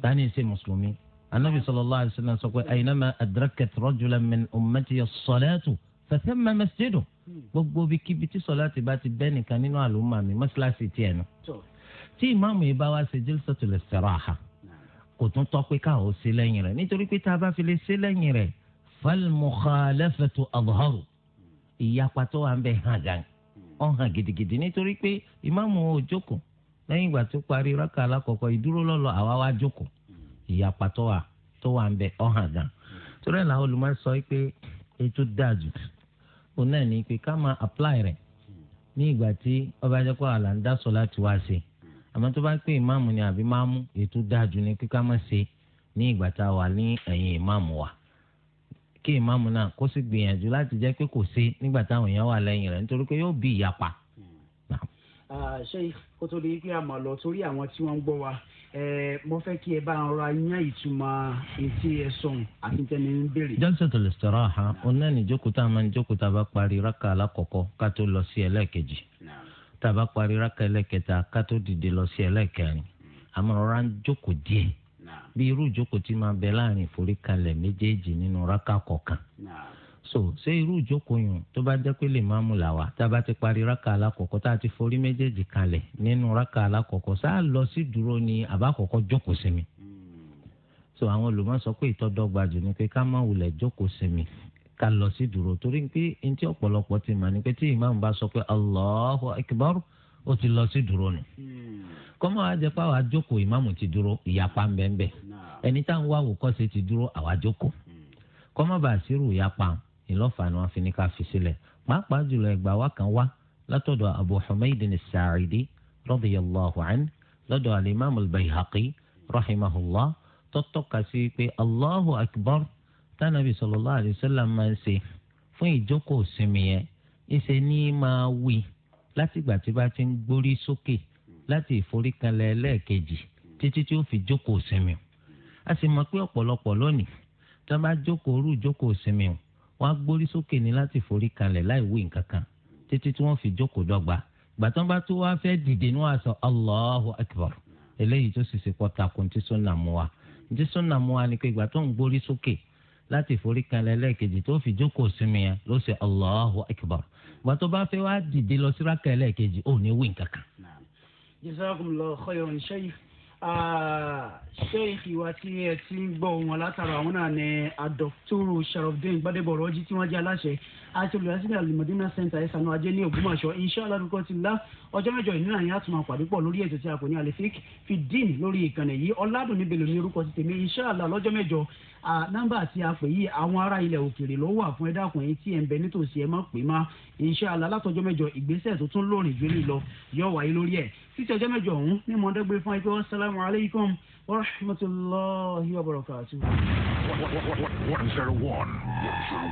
ta ni ṣe mùsùlùmí. anabi sallallahu alaihi wasallam sọ pé hmm. aynama adrakat rajulan min ummati as-salatu fatamma masjiduhu hmm. gbogbo ibikíbi tí sọláàtì bá ti bẹ́ nìkan nínú àlùmọ́ mi mọ́ṣáláṣí tiẹ̀ nù. tí ìmáàmù yìí bá wá ṣe jílsọ̀tù lè sẹ̀rọ̀ àhà kò tún tọ́ falmukhalafatu adharu ìyapa tó wà ń bẹ hàn gan ọ hàn gidigidi nítorí pé ìmáàmù ò jókòó lẹ́yìn ìgbà tó parí rákà alákọ̀ọ́kọ́ ìdúró lọ́lọ́ àwa wá jókòó ìyapa tó wà tó wà ń bẹ ọ hàn gan torí ẹ̀ làwọn olùmọ̀ sọ pé ètò dájú òun náà ní pé ká máa apply rẹ̀ ní ìgbà tí ọba jẹ́ pé sọ láti wá sí àmọ́ tó bá pé ìmáàmù ni àbí máàmù ètò dájú ni pé ká ṣe ní ìgbà tá a wà ní ẹ̀yìn ìmáàmù wa. kí ìmáàmù náà kó sì gbìyànjú láti jẹ́ pé kò sí nígbà táwọn èèyàn wà lẹ́yìn rẹ̀ nítorí pé yóò bí ìyapa. ṣé hmm. ah, kó tó pé a lọ torí àwọn tí wọ́n ń gbọ́ wa mo fẹ́ kí ẹ bá ń ra yán ìtumọ̀ etí ẹ sọ̀n àti ń béèrè. jalsatul istiraha oná ní jókòó máa ń jókòó tá bá parí rákà alákọ̀ọ́kọ́ ká tó lọ sí ẹlẹ́ẹ̀kejì tá bí irú ìjókòó tí máa bẹ láàrin ìforíkalẹ̀ méjèèjì nínú rákà kọ̀ọ̀kan so ṣé irú ìjókòó yùn tó bá jẹ́ pé lè máa mú la wá tá a bá ti parí rákà alákọ̀ọ́kọ́ tá a ti forí méjèèjì kalẹ̀ nínú rákà alákọ̀ọ́kọ́ ṣáà lọ sí dúró ni àbákọ̀ọ́kọ́ jókòó sí hmm. so àwọn olùmọ̀ sọ pé ìtọ́dọ́gba jù ni pé ká má wulẹ̀ jókòó sí mi ká lọ sí dúró torí pé ntí ọ̀pọ̀lọpọ̀ ti mà ní pé tí ìmáàmù bá sọ pé Allahu Akbar ó ti lọ sí dúró nù hmm. kọ́mọ́ àjẹ́ pàwọ́ àjókòó ìmáàmù ti dúró ìyapa ń bẹ́ẹ̀ bẹ́ẹ̀ ẹni táwọn wá àwòkọ́ṣe ti dúró àwọn àjókòó hmm. kọ́mọ́ bá sírù ìyapa ìlọ́fà ni wọ́n fi ní ká fi sílẹ̀ pàápàá jùlọ ẹgbà wa kan wá látọ̀dọ̀ Abu Humayd as-Sa'idi radiyallahu anhu lọ́dọ̀ al-Imam al-Bayhaqi rahimahullah tọ́tọ́ka sí pé Allahu akbar tánàbí sallallahu alayhi wasallam máa ń ṣe fún ìjókòó sinmi yẹn ìṣe látìgbà tí bá ti ń gbórí sókè láti ìforíkanlẹ̀ ẹlẹ́ẹ̀kejì títí tí ó fi jókòó sinmi a sì mọ̀ pé ọ̀pọ̀lọpọ̀ lónìí tó bá jókòó rú jókòó sinmi wọn á gbórí sókè ní láti ìforíkanlẹ̀ láì wí nǹkan kan títí tí wọ́n fi jókòó dọ́gba gbàtàn bá tó wá fẹ́ dìde ní wàá Allahu Akbar eléyìí tó sì ṣe pọ́ta kò tí sọ́nà mu wa tí sọ́nà mu wa ni pé ìgbà tó ń gbórí sókè láti forí kan lẹ́lẹ́kejì tó fi jókòó sinmi yẹn ló ṣe Allahu Akbar ìgbà tó bá fẹ́ wá dìde lọ síraka ẹlẹ́ẹ̀kejì ò ní wí nǹkan kan. jazakumullahu khairan sheikh ah, sheikh ìwà tí ẹ ti ń gbọ́ wọn látara àwọn náà ni adọ́tòrò sharafdin gbadebo ọ̀rọ̀jì tí wọ́n jẹ́ aláṣẹ àti olùdásílẹ̀ alimọ̀dínà center ẹ̀sánú ajé ní ògbómọ̀ṣọ́ inshallah dúkọ́ ti lá ọjọ́ mẹ́jọ ìnira yẹn àtúmọ̀ àpàdé pọ̀ lórí ètò tí a kò ní alifik fi dín lórí ìkànnì yìí ọ̀làdùn níbẹ̀ lóní orúkọ ti tèmi inshallah lọ́jọ́ mẹ́jọ nọ́mbà tí a yìí àwọn ará ilẹ̀ òkèèrè ló wà fún ẹ dákun tí ẹ ń bẹ nítòsí ẹ má pè má inshallah látọjọ́ mẹ́jọ ìgbésẹ̀ tó tún lóòrìn ju lílọ yọ wáyé lórí ẹ̀ títí ọjọ́ mẹ́jọ ọ̀hún ní mọ̀ọ́dẹ́gbẹ́ fún ẹgbẹ́ assalamu alaikum wa rahmatullahi wa barakatuh. one zero one.